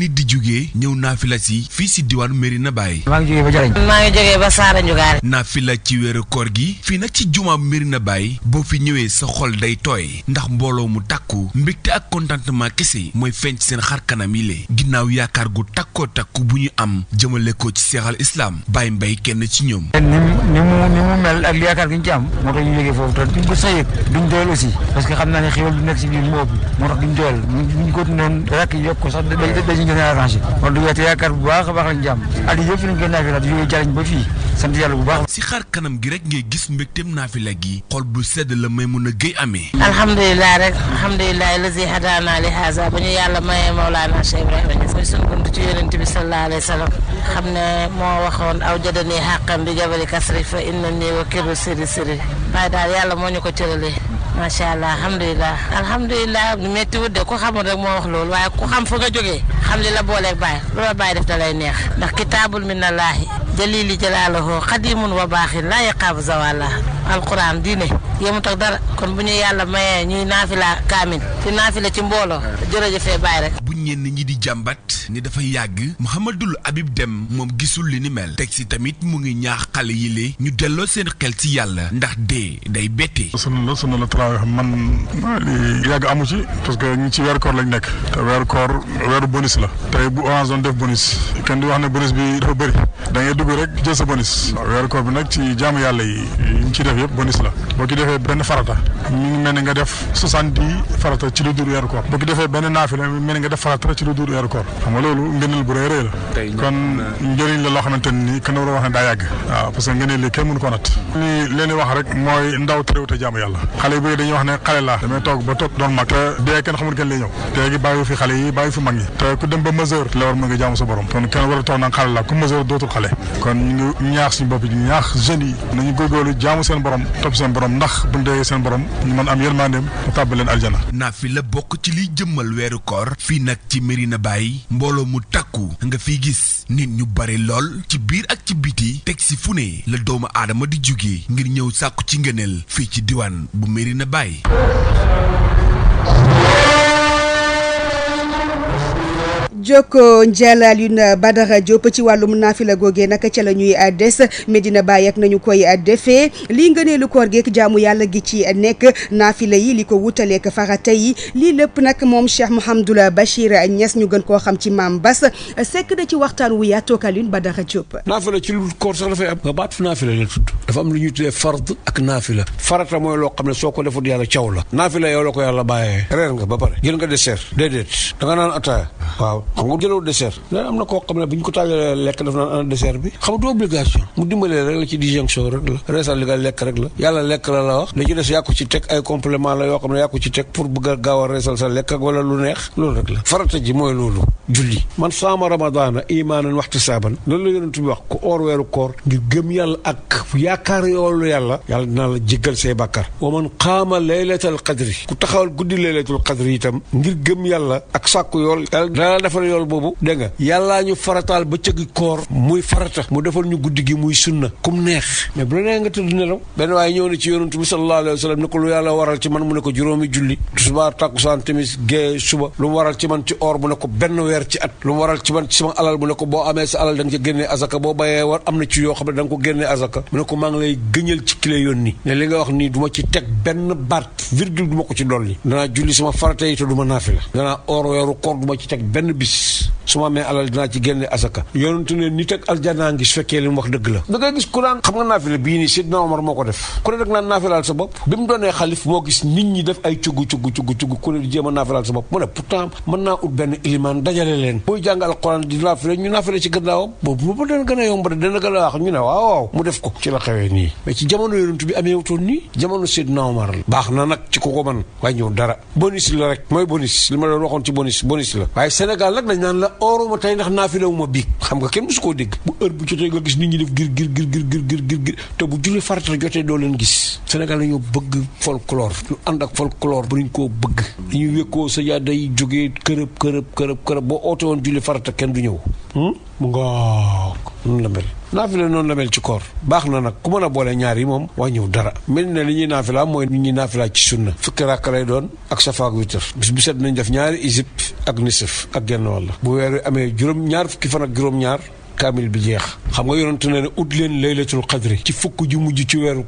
nit di jugee ñëw naafila si fii si diwaanu Medina na maa ba Jarañ. maa ngi jugee ba Saara Njugaare. naafila ci wéeru koor gi fii nag ci jumaa Medina Baye boo fi ñëwee sa xol day tooy ndax mbooloo mu takku mbégte ak contentement kese mooy feeñ ci seen xar kanam yi le ginnaaw yaakaar gu takkoo takku bu ñu am jëmale ko ci seexal islam Baye Mbaye kenn ci ñoom. ni mu ni mu mel ak yaakaar gi ñu ci am moo tax ñu jógee foofu te duñ ko sëyeeg duñ doyal aussi parce que xam naa gën a arrangé wax dëgg te yaakaar bu baax a baax lañ jàmm at yii yëpp fi lañ gën naa fi la jógee jariñ ba fii sant yàlla bu baax si xar kanam gi rek ngay gis mbégteem naa la gi xol bu sedd la may mun a géy amee alhamdulilah rek alhamdulilah lazi hadaana li haza ba ñu yàlla mayee Mawlaana Cheikh Ibrahima Niass mooy suñu bunt ci yonent bi sallallahu alayhi wa sallam xam ne moo waxoon aw jadani xàqan bi jabali kasri fa inna nii wakiru siri siri waaye daal yàlla moo ñu ko cëralee macha allah alhamdulilah alhamdulilah métti wut de ku xamul rek moo wax loolu waaye ku xam fa nga jógee xam li la booleeg bàyyi loola bàyyi def da lay neex ndax kitaabul min allaahi jaliili jalaalahu xadimun wa baaxin laa yaqaabu zawala alquran diine yemut ak dara kon bu ñu yàlla mayee ñuy naafila kaamin fi naafila ci mbooloo jërëjëfee bàyyi rek bu ñenn ñi di jàmbat ni dafa yàgg Mouhamadul Habib dem moom gisul li ni mel teg si tamit mu ngi ñaax xale yi le ñu delloo seen xel ci yàlla ndax dee day bette. sunna la sunna la traité man li yàgg amu ci parce que ñu ci weeru koor lañ nekk te weeru koor weeru bonus la tey bu orange doon def wax ne dugg rek jël sa bonus weeru koor bi ci jaamu yàlla yi ñu def yëpp bonus la boo defee benn farata mi ngi nga def soixante-dix farata ci lu dul weeru koor boo defee benn naafila mi nga def farata ci lu dul weeru koor xam loolu ngëneel bu rëy rëy la kon njëriñ la loo xamante kenn war a wax ne daa yàgg waaw parce que ngëneel kenn mënu ko nat li wax rek mooy ndaw te réew jaamu yàlla xale yi bëri dañuy wax ne xale la damay toog ba toog a kon ñu ngi ñaax suñu bopp ñu ñaax jeunes yi nañu góorgóorlu jaamu seen borom topp seen borom ndax buñ dee seen borom ñu mën am yërmandeem mu tàbbal leen aljana la bokk ci liy jëmmal weeru koor fii nag ci Medina Baye mbooloo mu takku nga fi gis nit ñu bare lool ci biir ak ci biti teg ci fune ne la doomu aadama di jóge ngir ñëw sàkku ci ngëneel fii ci diwaan bu Medina Baye jokko njël Alioune Badara Diop ci wàllum naafila googee nag ca la ñuy euh, des Medina Baye ak nañu koy euh, defee lii ngëneelu koor geeg jaamu yàlla gi ci euh, nekk naafila yi li ko wutaleeg farata yi lii lépp nag moom Cheikh Mouhamadoul Bachir Niass ñu gën koo xam ci maam Bass sekk na ci waxtaan wu yaatoo ak na Badara Diop. naafila ci lu koor sax dafay am. nga baat fi naafila la tudd. dafa am lu ñuy tuddee fard ak naafila. farata mooy loo xam ne soo ko defut yàlla caw la. naafila yow la waaw xam nga jëloo dessert am na koo xam ne bi ñu ko tàjjalee lekk daf naan ana dessert bi xam nga du obligation mu dimbalee rek la ci digestion rek la reesal li lekk rek la yàlla lekk la la wax la ci des yaa ko ci teg ay yoo xam ne yaa ko ci teg pour bëgg a gaaw a lekk wala lu neex loolu rek la farata ji mooy loolu julli man saama ramadaana imaanan waxtisaaban loolu la yonent bi wax ku oor weeru koor ngir gëm yàlla ak yaakaar yoolu yàlla yàlla dinaa la jéggal say bàkkar wa man qaama laylatal qadri ku taxawal guddi laylatul qadri itam ngir gëm yàlla ak sàkku yool la defal yool boobu dégg yàllaa ñu farataal ba cëggi koor muy farata mu defal ñu guddi gi muy sunna kum neex mais bu la neex nga tëdd nelaw benn waaye ñëw wa sallam ne ko lu yàlla waral ci man mu ne ko juróomi julli suba takkusaan timis gee suba lu mu waral ci man ci or mu ne ko benn weer ci at lu mu waral ci man ci alal mu ne boo amee sa alal da ci génnee azaka boo bayee war am na ci yoo xam ne da ko génnee azaka mu ne ko lay gëñal ci kile yónni ne li nga wax nii du ma ci teg benn baat virgule du ma ko ci yi te du ma benn bis su ma amee alal dinaa ci génne asaka yonentu ne nit ak aljanaa ngi su fekkee li wax dëgg la da ngay gis kuraan xam nga naafila bii nii Seydina Omar moo ko def ku ne rek naan naafilaal sa bopp bi mu doonee xalif moo gis nit ku ne di a naafilaal sa bopp mu ne pourtant mën naa ut benn ilimaan dajale leen booy jàng alquran di naafila ñu ci gannaawam ba dana gën a yomb a wax ñu waaw mu def ko ci la xewee nii mais ci jamono yonentu bi amee wutoon nii jamono Seydina Omar baax na nag ci ku ko mën waaye ñëw dara bonus la rek mooy bonus li ma doon waxoon ci bonus bonus la waaye Sénégal nag dañ naan la ooruma tey ndax naafilawuma biig xam nga kenn su koo dégg bu heure bu jotee nga gis nit ñi def gir gir gir gir gir gir gir te bu julli farata jotee doo leen gis Sénégal dañoo bëgg folklore lu ànd ak folklore bu ñu koo bëgg dañuy wékkoo sa yaa day jógee kërëb kërëb kërëb kërëb boo oote woon julli farata kenn du ñëw hmm? mu nga noonu la mel naafila noonu la mel ci koor baax na nag ku mën a boole ñaar yi moom ñëw dara mel na li ñuy naafila mooy li ñuy naafila ci sunna fukki ràkk lay doon ak safa ak witr bis bu set nañ def ñaari isib ak nisif ak genn wàll bu weer wi amee juróom ñaar fukki fan ak juróom-ñaar kaamil bi jeex xam nga yonent na ne leen laylatul qadri ci fukk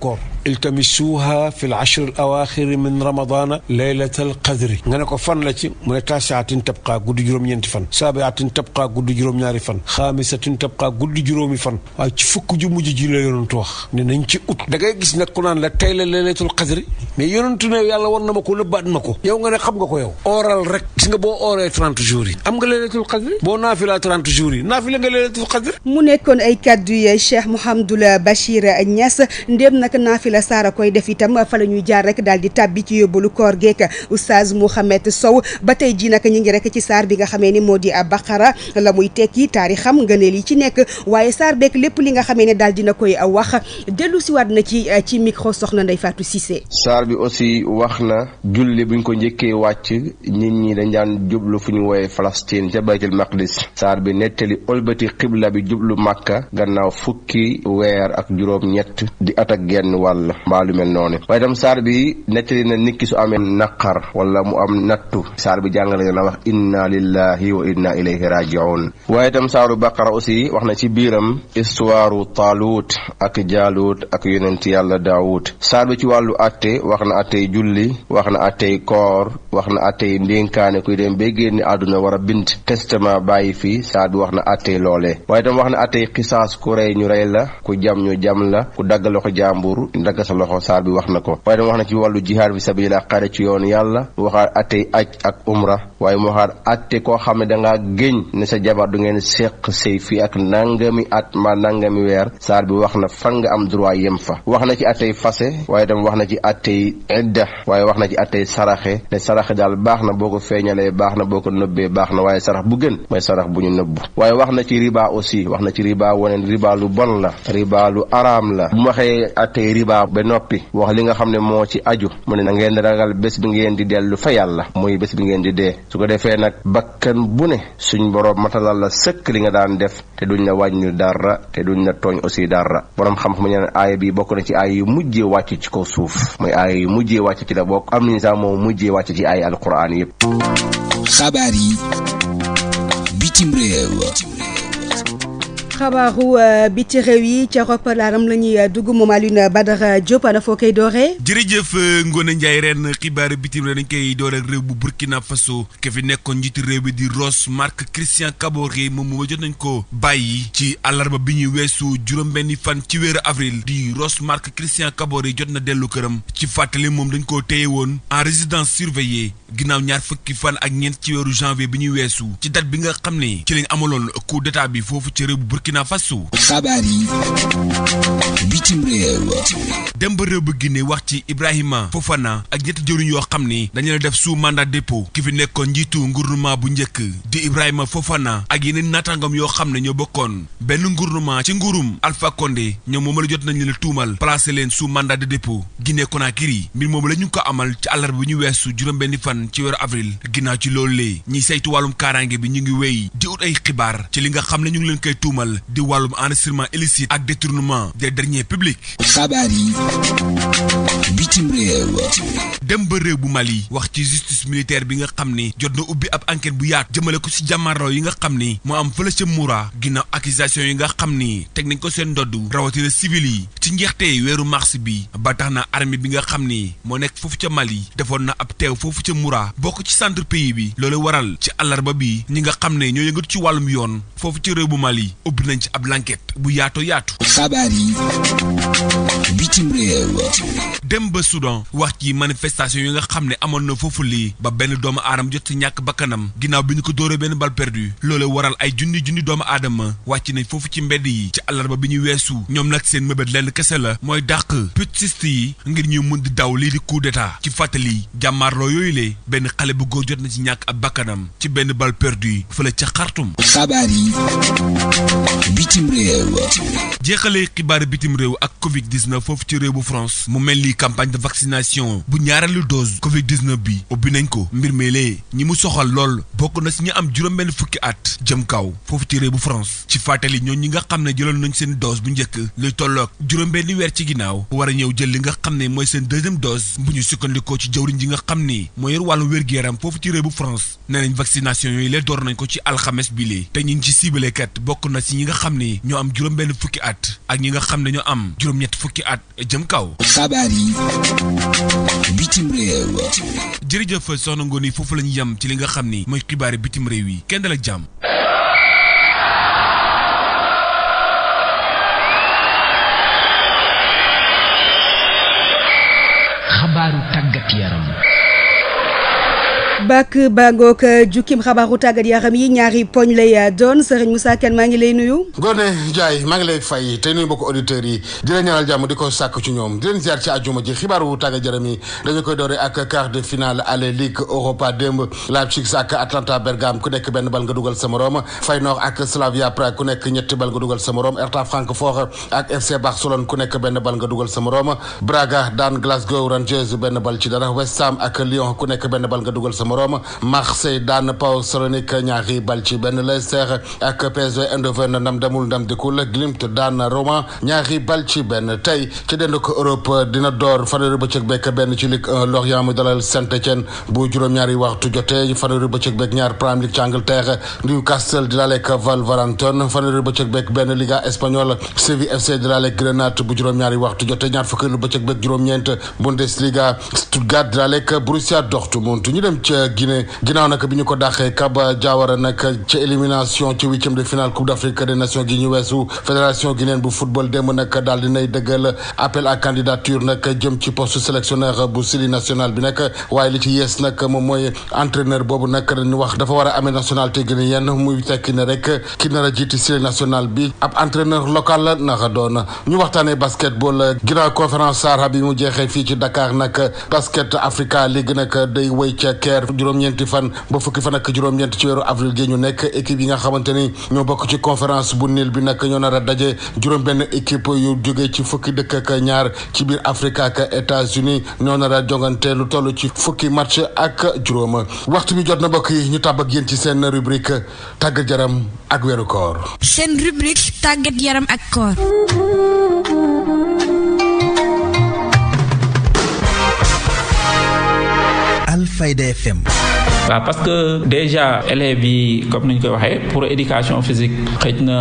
koor iltamisuha fi l min ramadana laylatal qadri nga ne ko fan la ci mu ne taasiatin tabqaa guddi juróom-ñeenti fan saabiatin tabqaa guddi juróom-ñaari fan xaamisatin tabqaa guddi juróomi fan waaye ci fukk ju mujj ji la yonent wax ne nañ ci ut la tey la laylatul qadri mais yonent ne yàlla war na ma ko nëbbaat ma ko yow nga ne xam nga ko yow oral rek gis nga boo ooree am nga laylatul qadri boo naafilaa 30 jours yi cadre. mu nekkoon ay kaddu yi Cheikh Mouhamadul Bachir Niass ndéem fi la saara koy def itam fa la ñuy jaar rek daal di tàbbi ci yóbbalu koor geek oustaz Mouhamed Sow ba tey jii nag ñu ngi rek ci saar bi nga xamee ni moo di Baqara la muy tekki taarixam ngëneel yi ci nekk waaye saar beek lépp li nga xamee ne daal dina koy wax dellu siwaat na ci ci micro soxna Ndeye Fatou Cissé. saar bi aussi wax na julli buñ ko njëkkee wàcc nit ñi dañ daan jublu ñu woowee Palestine ca bi jublu màkka gannaaw fukki weer ak juróom-ñett di at ak genn wàll mbaa lu mel noonu waaye tam saar bi nettali na nit su amee naqar wala mu am nattu saar bi jàngale na wax inna lillahi wa inna ilayhi rajiun waaye tam saaru baqara aussi wax na ci biiram istuwaaru taalut ak jaalut ak yonent yàlla daawud saar bi ci wàllu atte wax na attey julli wax na attey koor wax na attey ndénkaane kuy dem bay génn àdduna war a bind testament bàyyi fi saar wax na attey waaye tam wax ne atey xisaas ku rey ñu rey la ku jam ñu jam la ku dagg loxo jàmbur dagg sa loxo saar bi wax na ko waaye tam wax na ci wàllu jihaad bi sabilillah xare ci yoon yàlla mu waxaat atey aj ak umra waaye mu waxaat atte koo xam ne dangaa géñ ne sa jabar du ngeen seq sëy fii ak nangami at ma nangami weer saar bi wax na fan nga am droit yem fa wax na ci atey fase waaye tam wax na ci atey idda waaye wax na ci atey saraxe ne saraxe daal baax na boo ko feeñalee baax na boo ko nëbbee baax na waaye bu gën sarax bu ñu nëbb aussi wax na ci riba wane riba lu bon la riba lu araam la bu mu waxee attey riba ba noppi wax li nga xam ne moo ci aju mu ne na ngeen ragal bés bi ngeen di dellu fa yàlla muy bés bi ngeen di dee su ko defee nag bakkan bu ne suñ boroom matalal la sëkk li nga daan def te duñ la wàññi dara te duñ la tooñ aussi dara boroom xam-xam ñu ne aaya bi bokk na ci aaya yu mujjee wàcc ci ko suuf mooy aaya yu mujjee wàcc ci la bokk am nañu sax moo mujjee wàcc ci ay alquran yëpp xabaar yi xabaaru euh, biti réew yi ca ropalaaram la ñuy euh, dugg moom Alioune Badara Diop ana foo koy dooree. jërëjëf euh, Ngone Ndiaye ren xibaar bitim réew dañ koy doore ak réew bu Burkina Faso ke fi nekkoon njiitu réew bi di Roch Marc Christian Kaboré moom moom jot nañ ko bàyyi ci àllarba bi ñuy weesu juróom-benni fan ci weeru avril di Roch Marc Christian Kaboré jot na dellu këram ci fàttali moom dañ koo téye woon en résidence surveillée ginnaaw ñaar fukki fan ak ñeent ci weeru janvier bi ñuy weesu ci date bi nga xam ne ci lañ amaloon coup d'état Burkina Faso. xabaar yi bitim réew. dem ba réew bu Guinée wax ci Ibrahima Fofana ak ñetti jëriñ yoo xam ni dañu la def sous mandat dépôt ki fi nekkoon njiitu ngurnement bu njëkk di Ibrahima na ak yeneen naataangoom yoo xam ne ñoo bokkoon benn ngurnement ci ngurum Alpha Condé ñoom moom la jot nañu la tuumal placé leen sous mandat de dépôt Guinée Conakry mbir moom la ñu ko amal ci àllarba bi ñu weesu juróom-benni fan ci weeru avril ginnaaw ci loolu lee ñiy saytu wàllum bi li ñeel di wàllum enregistrement illicite ak détournement des deniers publics. xabaar yi bitim dem ba réew bu Mali wax ci justice militaire bi nga xam ni jot na ubbi ab enquête bu yaat jëmale ko ci jàmmarloo yi nga xam ni moo am fële ca Moura ginnaaw accusation yi nga xam ni teg nañ ko seen ndodd rawatina civil yi ci njeexte weeru mars bi ba tax na armée bi nga xam ni moo nekk foofu ca Mali defoon na ab teew foofu ca Moura bokk ci centre pays bi loolu waral ci àllarba bi ñi nga xam ne ñoo yëngatu ci wàllum yoon foofu ci réew bu Mali ubbi ubbi nañ ci ab lanket bu yaato yaatu. xabaar yi bitim réew. dem ba Soudan wax ci manifestation yi nga xam ne amoon na foofu lii ba benn doomu aadama jot ci ñàkk bakkanam ginnaaw bi ñu ko dóoree benn bal perdu loole waral ay junni junni doomu aadama wàcc ne foofu ci mbedd yi ci àllarba bi ñu weesu ñoom nag seen mëbët lenn kese la mooy dàq putschiste yi ngir ñu mën di daw lii di coup ci fàttali jàmmaarloo yooyu le benn xale bu góor jot na ci ñàkk ab bakkanam ci benn bal perdu fële ca xartum xabaar yi. bitim réew jeexalee xibaar bitim réew ak covid 19 foofu ci réew bu France mu mel ni campagne de vaccination bu ñaareelu dose covid bi ubbi nañ ko mbir melee ñi mu soxal lool bokk na si ñu am juróom-benn fukki at jëm kaw foofu ci réew bu France ci fàttali ñoo ñi nga xam ne jëlal nañ seen dose bu njëkk luy tolloog juróom-benn weer ci ginnaaw war a ñëw jël li nga xam ne mooy seen deuxième dose bu ñu sukkandikoo ci jawriñ ji nga xam ni moo yor wàllu wér-gu-yaram foofu ci bu France nee nañ vaccination yooyu lee door nañ ko ci alxames bi lee te ñi ci ciblé kat bokk ñi nga xam ni ñoo am juróom fukki at ak ñi nga xam ne ñoo am juróom fukki at jëm kaw. xabaar yi foofu lañuy ñu ci li nga xam ni mooy xibaari bitim réew yi kenn dal ak jàmm. xabaaru bàkk bàngoog jukkim xabaaru tàggat yaram yi ñaari poñ lay eh, doon Serigne Moussa Kane maa ngi lay nuyu Ngoné Ndiaye maa ngi lay fay tey nuyu mbokk auditeurs yi di leen ñaanal jàmm di ko sàkk ci ñoom di leen ziar ci àjjuma ji xibaaru tàggat yaram yi dañu koy doore ak quart de finale aller Ligue Europa démb Leipzig ak Atlanta Bergame ku nekk benn bal nga dugal sa morom Feyenoord ak Slavia Prague ku nekk ñetti bal nga dugal sa morom Hertha Francfort ak FC Barcelone ku nekk benn bal nga dugal sa morom Braga daan Glasgow Rangers benn bal ci dara West Ham ak Lyon ku nekk benn bal nga dugal sa moroom Marseille daan Pau-Salonique ñaari bal ci benn lay seex ak PSV Eindhoven ndam demul ndam dikul Glimt daan Roma ñaari bal benn tey ci dend ko Europe dina door fanweeri bëccëg bekk benn ci Ligue 1 Lorient mu dalal saint ñaari waxtu jotee fanweeri bëccëg bekk ñaar Premier League ci Angleterre Newcastle di laaleeg Wolverhampton fanweeri bëccëg bekk benn Liga espagnole Séville FC di laaleeg Grenade bu juróom-ñaari waxtu jotee ñaar fukkeelu bëccëg bekk juróom-ñeent Bundesliga Stuttgart di laaleeg Borussia Dortmund ñu Guinée ginnaaw nag bi ñu ko dàqee Kaba Diawara nag ci élimination ci huitième de finale Coupe d'Afrique des Nations gi ñu weesu fédération guinéenne bu football démb nag daal dinay dëggal appel à candidature nag jëm ci poste sélectionneur bu série nationale bi nag waaye li ci yees nag moom mooy entraîneur boobu nag dañu wax dafa war a amee nationalité guinéenne muy tekki ne rek ki nar a jiiti série nationale bi ab entraîneur local naka doon ñu waxtaanee basketball juróom-ñeenti fan ba fukki fan ak juróom-ñeent ci weeru avril gi ñu nekk équipe yi nga xamante ni ñoo bokk ci conférence bu niil bi nag ñoo nar a daje juróom-benn équipe yu jógee ci fukki dëkk ak ñaar ci biir Afrique ak États-Unis ñoo nar a jongante lu toll ci fukki match ak juróoma waxtu mi jot na bokk yi ñu tàbb ak yéen ci seen rubrique tàggat yaram ak weeru koor. seen rubrique Alfayda FM waaw parce que déjà élèves yi comme ni ñu koy waxee pour éducation physique xëj na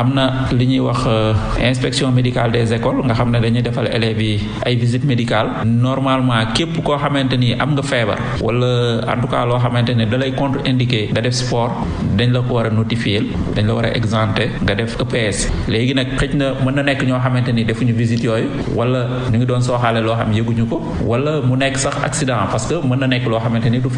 am na lu ñuy wax euh, inspection médicale des écoles nga xam ne dañuy defal élèves yi ay visite médicale normalement képp koo xamante ni am nga feebar wala en tout cas loo xamante ne da lay contre indiqué nga def sport dañ la ko war a dañ la war a exempté nga def EPS léegi nag xëj na mën na nekk ñoo xamante ni defuñu visite yooyu wala ñu ngi doon sooxaale loo xam yëguñu ko wala mu nekk sax accident parce que mën na nekk loo xamante ni du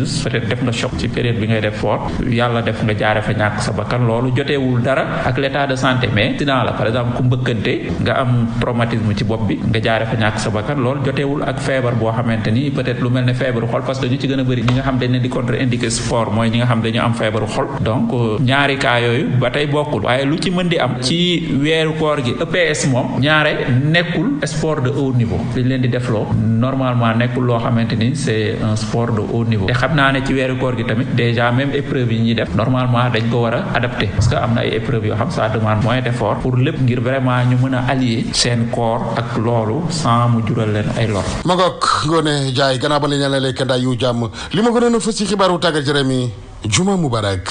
juste peut def na choc ci période bi ngay def fort yàlla def nga jaare fa ñàkk sa loolu joteewul dara ak l'état de santé mais dinaa la par exemple ku mbëkkante nga am traumatisme ci bopp bi nga jaare fa ñàkk sa loolu joteewul ak feebar boo xamante ni peut-être lu mel ne feebaru xol parce que ñu ci gën a ñi nga xam dañ leen di contre-indiqué sport mooy ñi nga xam dañu am feebaru xol donc ñaari cas ba tey bokkul waaye lu ci mën di am ci jàpp naa ne ci weeru koor gi tamit déjà même épreuve yi ñuy def normalement dañ ko war a adapté parce que am na ay épreuve yoo xam ça demande moins d'effort pour lépp ngir vraiment ñu mën a allier seen koor ak loolu sans mu jural leen ay lor. Magog Ngoné Ndiaye gannaaw ba la ñu leen kenn yu jàmm li ma gënoon a fës ci xibaaru tàggat yaram yi juma mubarak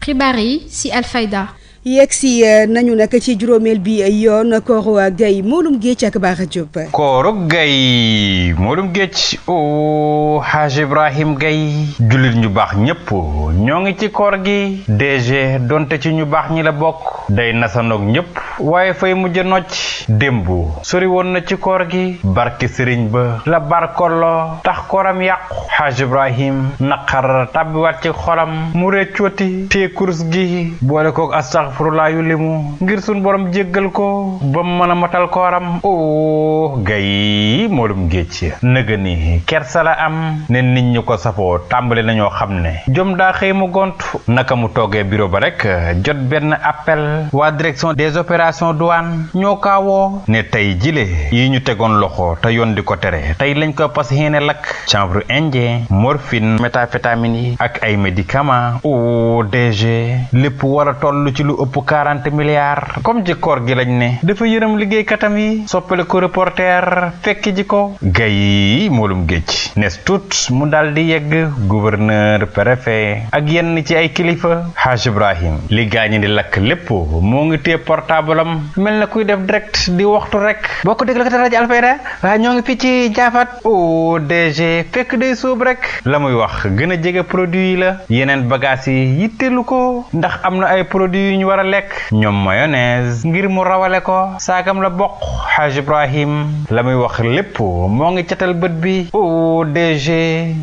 xibaar yi ci Alfayda. yegsi eh, nañu nag ci juróomeel bi eh, yoon kooru eh, gay moolum géej ak baax a jóob kooru gay moolum géej o xaaj ibrahim gay jullit ñu baax ñépp ñoo ngi ci koor gi DG donte ci ñu baax ñi la bokk day nasanoog ñépp waaye fay mujj nocc démb sori woon na ci koor gi barki sëriñ ba la barkollo tax kooram yàqu xaaj ibrahim naqar tàbbiwaat ci xolam mu réccooti tee course gi boole koog astax astaxfirulaa yu limu ngir suñ borom jéggal ko ba mën a matal kooram o oh, gay moolum géej nëga ni kersa la am ne nit ñu ko safoo tàmbali nañoo xam ne jom daa xëy mu gont naka mu toogee bureau ba rek jot benn appel waa direction des opérations douane ñoo kaawoo ne tey jile yi ñu tegoon loxo te yoon di ko tere tey lañ ko fas yéene lakk chanvre indien morphine méthamphétamine yi ak ay médicaments o oh, DG lépp war a ci lu ëpp 40 milliards comme ci koor gi lañ ne dafa yërëm liggéeykatam yi soppale ko reporter fekk ji ko gay yi moolum géej nes tut mu daal yegg gouverneur préfet ak yenn ci ay kilifa Haaj Ibrahim li gaañi di lakk lépp moo ngi téye portable am mel na kuy def direct di waxtu rek boo ko déglu ko rajo Alfayda waaye ñoo ngi fii ci jaafat o DG fekk day suub rek la muy wax gën a jege produit yi la yeneen bagages yi yitteelu ko ndax am na ay produit war a lekk ñoom mayonnaise ngir mu rawale ko saakam la bokk xaaj ibrahim la muy wax lépp moo ngi cetal bët bi ODG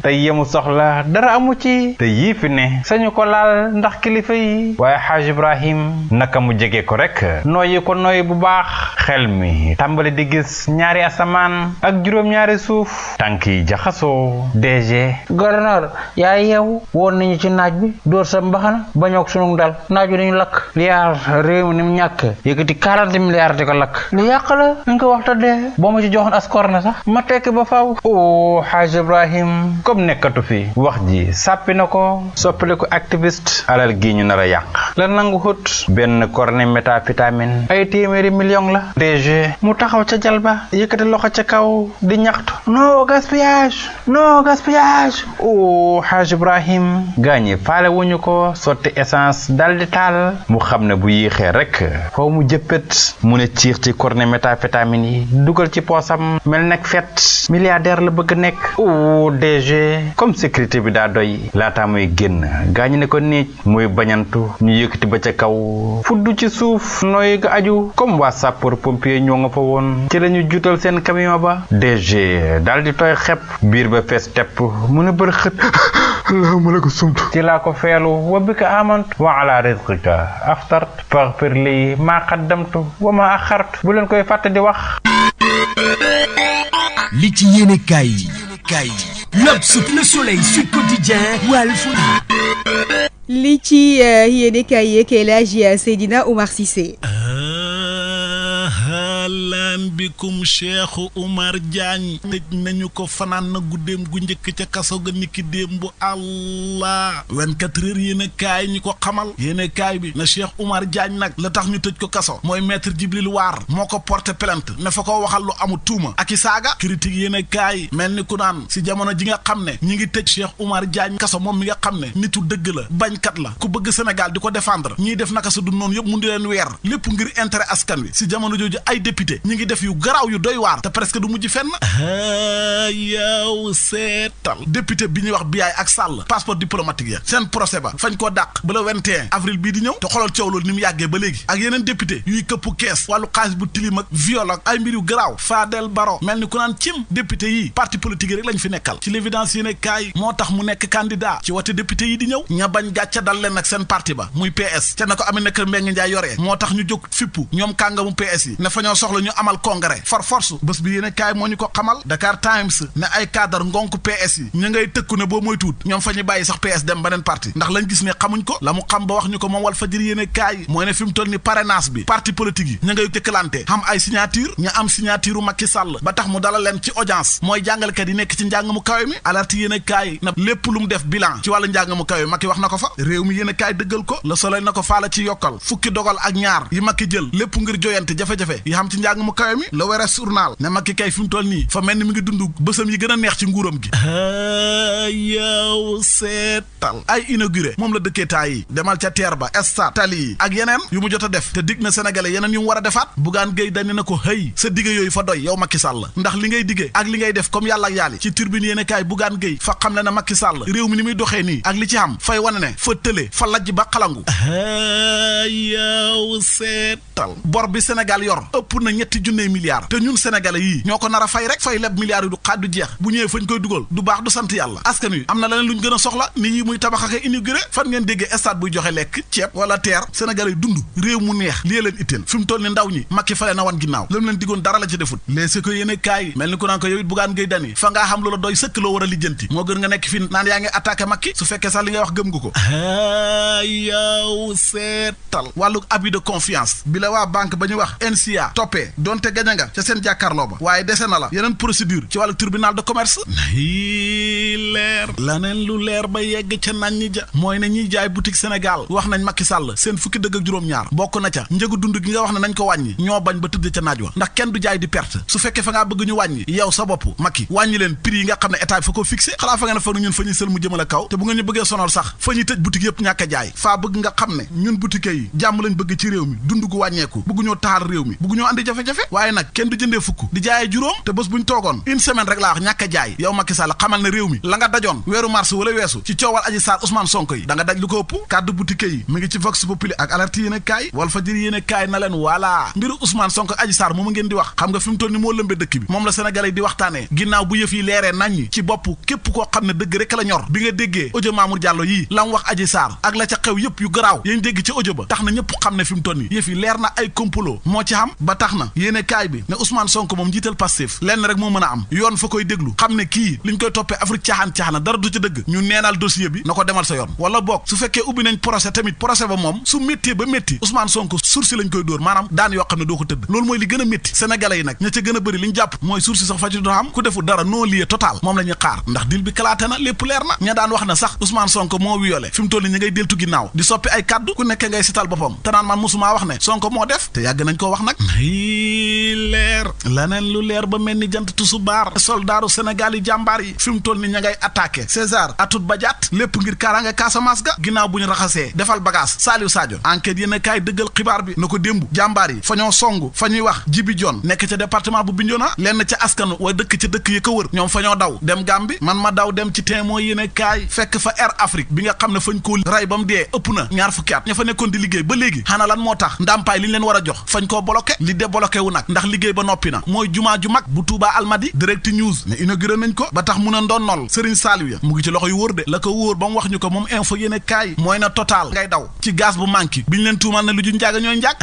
te yemu soxla dara amu ci te yii fi ne sañu ko laal ndax kilifa yi waaye xaaj ibrahim naka mu jege ko rek nooyi ko nooyi bu baax xel mi tàmbali di gis ñaari asamaan ak juróom-ñaari suuf tànk yi jaxasoo DG gouverneur yaay yeewu woon nañu ci naaj bi dóor sa mbaxana bañoog sunu dal naaj bi lakk milliards réew mi ni mu ñàkk yëkkati quarante milliards di ko lakk lu yàq la ñu ko wax te dee boo ma ci joxoon sax ma tekk ba faw o oh, Haj Ibrahim comme nekkatu fi wax ji sàppi na ko soppali ko activiste alal gi ñu nar a yàq la nangu xut benn corne métavitamine ay téeméeri million la DG mu taxaw ca jalba yëkkati loxo ca kaw di ñaxtu no gaspillage no gaspillage o oh, Haj Ibrahim gaañi faale wuñu ko sotti essence dal taal xam ne bu yéexee rek foo mu jëppët mu ne ciix ci corne méthamphétamine yi dugal ci poosam mel nekk fet milliardaire la bëgg nekk o DG comme sécurité bi daa doy laataa muy génn gaañu ne ko néej muy bañantu ñu yëkkati ba ca kaw fudd ci suuf nooy ga aju comme waa sapeur pompier ñoo nga fa woon ci lañu juutal seen camion ba DG daal di tooy xepp biir ba fees tepp mun a bër xët allahumma (laughs) laka sumtu ci laa ko feelu wa bika amantu wa ala rizqika aftart faghfir lii maa qaddamtu wa maa axartu bu leen koy fàtte di wax li ci yéene kaay yi kaay yi L'Obs, Le Soleil, Sud Quotidien, Walf li ci euh, yéene kaay yeeg El Hadji Seydina Oumar Cissé ah. wàllaan bikum cheikhu Oumar Diagne tëj nañu ko fanaan na guddeem gu njëkk ca kaso ga niki déem bu allah 24 heures yéen a kaay ñi ko xamal yéen kaay bi na cheikh Oumar Diagne nag la tax ñu tëj ko kaso mooy maître Djibril Waar moo ko porté plainte na fa ko waxal lu amu tuuma ak i saaga critique yéen a kaay mel ni ku naan si jamono ji nga xam ne ñi ngi tëj cheikh Oumar Diagne kaso moom mi nga xam ne nitu dëgg la bañkat la ku bëgg Sénégal di ko défendre ñiy def na sa du noon yëpp mu di leen weer lépp ngir intérêt askan wi si jamono jooju ay député député ñu ngi def yu garaaw yu doy waar te presque du mujj fenn yow seetal député bi ñuy wax Biaye ak Sall passeport diplomatique ya seen procès ba fañ koo dàq ba le 21 avril bii di ñëw te xoolal coow loolu ni mu yàggee ba léegi ak yeneen député yuy këppu kees wàllu xaalis bu tilim ak viol ay mbir yu garaaw Fadel Baro mel ni ku naan cim député yi parti politique yi rek lañ fi nekkal ci l'évidence yéene kaay moo tax mu nekk candidat ci wote député yi di ñëw ña bañ gàcca dal leen ak seen parti ba muy PS ca na ko Aminata Mbengue Ndiaye yoree moo tax ñu jóg fippu ñoom kàngamu PS yi soxla ñu amal congrès far force bés bi yéene kaay moo ñu ko xamal Dakar Times ne ay cadre ngonk PS yi ñu ngay tëkku ne boo moytuwut ñoom fa ñu bàyyi sax PS dem beneen parti ndax lañ gis ne xamuñ ko la mu xam ba wax ñu ko moom wal fajir yéene kaay mooy ne fi mu toll ni parrainage bi parti politique yi ñu ngay tëkkalante xam ay signature ñu am signature u Macky Sall ba tax mu dala leen ci audience mooy jàngalekat yi nekk ci njàng mu kawe mi alerte yéene kaay na lépp lu mu def bilan ci wàllu njàng mu kawe mi Macky wax na ko fa réew mi yéene kaay dëggal ko Le Soleil na ko faala yokkal fukki dogal ak ñaar yi Macky jël lépp ngir joyante jafe-jafe ci njàng mu kawe mi la war a journal ne Macky kay fi mu toll nii fa mel ni mi ngi dund bësam yi gën a neex ci nguuram gi yow seetal ay inauguré moom la dëkkee taa yi demal ca teer ba stade tali ak yeneen yu mu jot a def te digg na sénégalais yeneen yu mu war a defaat bugaan géey dani na ko hëy sa digge yooyu fa doy yow Macky Sall ndax li ngay diggee ak li ngay def comme yàlla ak yàlla ci tirbin yenekaay kaay bugaan géey fa xam na Macky Sall réew mi doxee nii ak li ci xam fay wane ne fa tële fa lajj ba xalangu yow seetal bi Sénégal yor ëpp na ñetti junney a a wan ginnaaw lam leen diggoon dara la ci defut les si ko mel ni ku ko yow bugaan ngay dani fa ngaa xam loola doy sëkk war a lijjanti moo gën nga nekk fi naan yaa ngi attaqué Macky su fekkee sax li ngay wax gëm nga ko yow seetal wàllu abus de confiance bi la waa banque ba ñu wax NCA toppee donte gañ nga ca seen jàkkaarloo ba waaye dese na la yeneen procédure ci wàllu tribunal de commerce nay leer laneen lu leer ba yegg ca nañ ñi ja mooy ne ñiy jaay boutique Sénégal wax nañ Macky Sall seen fukki dëgg juróom-ñaar bokk na ca njëgu dund gi nga wax ne nañ ko wàññi ñoo bañ ba tëdd ca naaj wa ndax kenn du jaay di perte su fekkee fa ngaa bëgg ñu wàññi yow sa bopp Macky wàññi leen nga xam ne état bi fa ko fixé xalaa fa nga ne fa ñun fa ñuy sël mu jëmal a kaw ñu wàññeeku bëgg ñoo di jafe-jafe waaye nag kenn du jëndee fukk di jaayee juróom te bés bu ñu toogoon une semaine rek laa wax ñàkk a jaay yow Macky Sall xamal ne réew mi la nga dajoon weeru mars wala weesu ci coowal Adji Sarr Ousmane Sonko yi da nga daj lu ko ëpp kàddu boutique yi mi ngi ci Vox Populi ak alerte yéene kaay Walfadjri yéene kaay na leen mbiru Ousmane Sonko Adji Sarr moom ngeen di wax xam nga fi mu toll moo lëmbe dëkk bi moom la Sénégalais di waxtaanee ginnaaw bu bopp képp koo xam ne dëgg rek la ñor bi nga déggee audio Mamour Diallo yii la mu wax Adji yëpp yu garaaw yéen dégg ci audio tax na ñëpp xam ne fi mu toll ni yëf yi leer na ay moo ci xam tax na yéene kaay bi ne Ousmane Sonko moom njiital Pastef lenn rek moo mën a am yoon fa koy déglu xam ne kii liñ koy toppee Afrique caaxaan-caaxaan dara du ci dëgg ñu neenal dossier bi na ko demal sa yoon wala boog su fekkee ubbi nañ procès tamit procès ba moom su méttee ba métti Ousmane Sonko sursi lañ koy dóor maanaam daan yoo xam ne doo ko tëdd loolu mooy li gën a métti sénégalais yi nag ña ca gën a jàpp mooy sursi sax fa ci do ku defu dara non lié lépp leer na ña wax na sax Ousmane Sonko moo wiyoole fi mu toll ñi ngay deltu ginnaaw di soppi ay kàddu ku leer laneen lu leer ba mel ni jant tusubaar soldaaru Sénégal yi jàmbaar yi fi mu toll ni ña ngay attaqué César Atoute Badiate lépp ngir kaaraange Casamance ga ginnaaw bu ñu raxasee defal bagage Saliou Sadio enquête yéen a kaay dëggal xibaar bi na ko démb jàmbaar yi fa ñoo song fa ñuy wax Jibi Jon nekk ca département bu Bignona lenn ca askanu wa dëkk ca dëkk yi ko wër ñoom fa ñoo daw dem Gàmbi man ma daw dem ci témoin yéen a fekk fa Air Afrique bi nga xam ne fañ koo rey mu dee ëpp na ñaar fukki at ña fa nekkoon di liggéey ba léegi xana moo tax ndàmpaay li ñu leen a jox bloqué wu nag ndax liggéey ba noppi na mooy jumaa ju mag bu Touba Almadi direct news ne inauguré ko ba tax mun a ndonnol Serigne Saliou ya mu ngi ci loxo yu wóor de la ko wóor ba mu wax ñu ko moom info yéene kaay mooy na total ngay daw ci gaz bu manqué bi leen tuumal ne lu njaaga ñooy njaag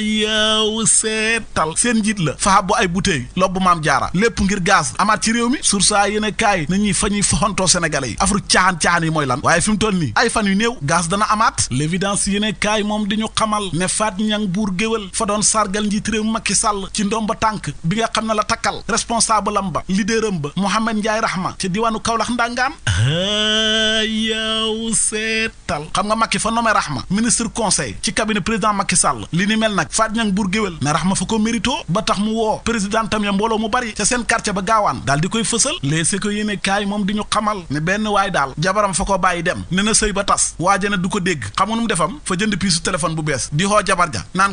yow seetal seen njiit la faxab bu ay bouteille lobbu maam jaara lépp ngir gaz amaat ci réew mi sur saa yéene kaay na ñuy fa ñuy foxantoo sénégalais yi afru caaxaan caaxaan yi mooy lan waaye yu néew gaz dana amaat l'évidence yéene kaay moom di ñu xamal ne faat sargal njiit réew makki Sall ci ndomba tànk bi nga xam na la takkal responsable am ba leader am ba Mouhamed Ndiaye Rahma ci diwaanu Kaolack ndangaan yow seetal xam nga Macky fa nommé Rahma ministre conseil ci cabinet président Macky Sall li ni mel nag faat ñang buur géwél ne Rahma fa ko mérito ba tax mu woo président tam ya mbooloo mu bari ca seen quartier ba gaawaan daal di koy fësal les si ko yéene moom di ñu xamal ne benn waay daal jabaram fa ko bàyyi dem ne na sëy ba tas waaja ne du ko dégg xam nga nu defam fa jënd piisu téléphone bu bees di xoo jabar ja naan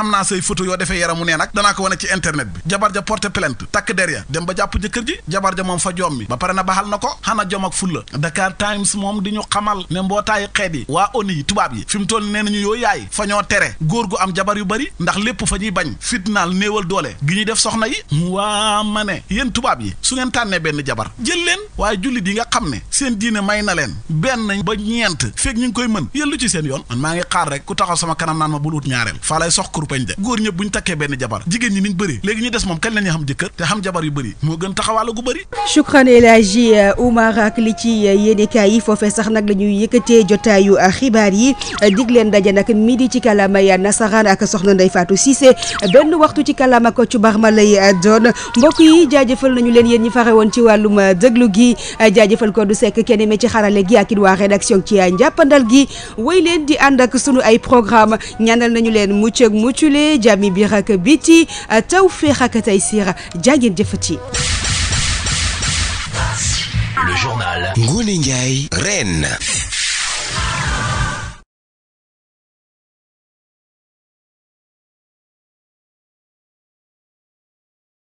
xam naa say photo yoo defee yaramu nee nag danaa ko wane ci internet bi jabar ja porté plainte takk der ya dem ba jàpp jëkkër ji jabar ja moom fa joom mi ba pare na baxal na ko xana jom ak fulla Dakar Times moom di ñu xamal ne mbootaayu xeet yi waa ONU yi tubaab yi fi mu toll nee nañu yooyu yaay fa ñoo tere góor gu am jabar yu bari ndax lépp fa ñuy bañ fitnaal néewal doole gi ñuy def soxna yi waa ma ne yéen tubaab yi su ngeen tànnee benn jabar jël leen waaye jullit yi nga xam ne seen diine may na leen benn ba ñeent feeg ñu ngi koy mën yéen ci seen yoon man ngi xaar rek ku taxaw sama kanam naan ma bul wut ñaareel faa lay sox kur pompañ de góor ñëpp bu ñu takkee benn jabar jigéen ñi niñ bëri léegi ñu des moom kañ la ñuy xam jëkkër te xam jabar yu bëri moo gën taxawaala gu bëri Shukran euh, ci euh, yéenekaay yi foofee sax nag la ñuy yëkkatee jotaayu euh, xibaar yi dig leen ci kàllaamay nasaraan benn waxtu ci kàllaama ko ci barma lay doon mbokk yi jaajëfal nañu leen yéen ñi fare woon ci wàllum déglu gi jaajëfal ko du sekk kenn me ci xarale gi ak it waa rédaction ci njàppandal gi woy leen di ànd ak sunu ay programme ñaanal nañu leen mucc mucc intitulé Jami biir ak biti euh, tawféex ak taysiir jaageen jëfati. Le journal Ngoné Ndiaye Reine.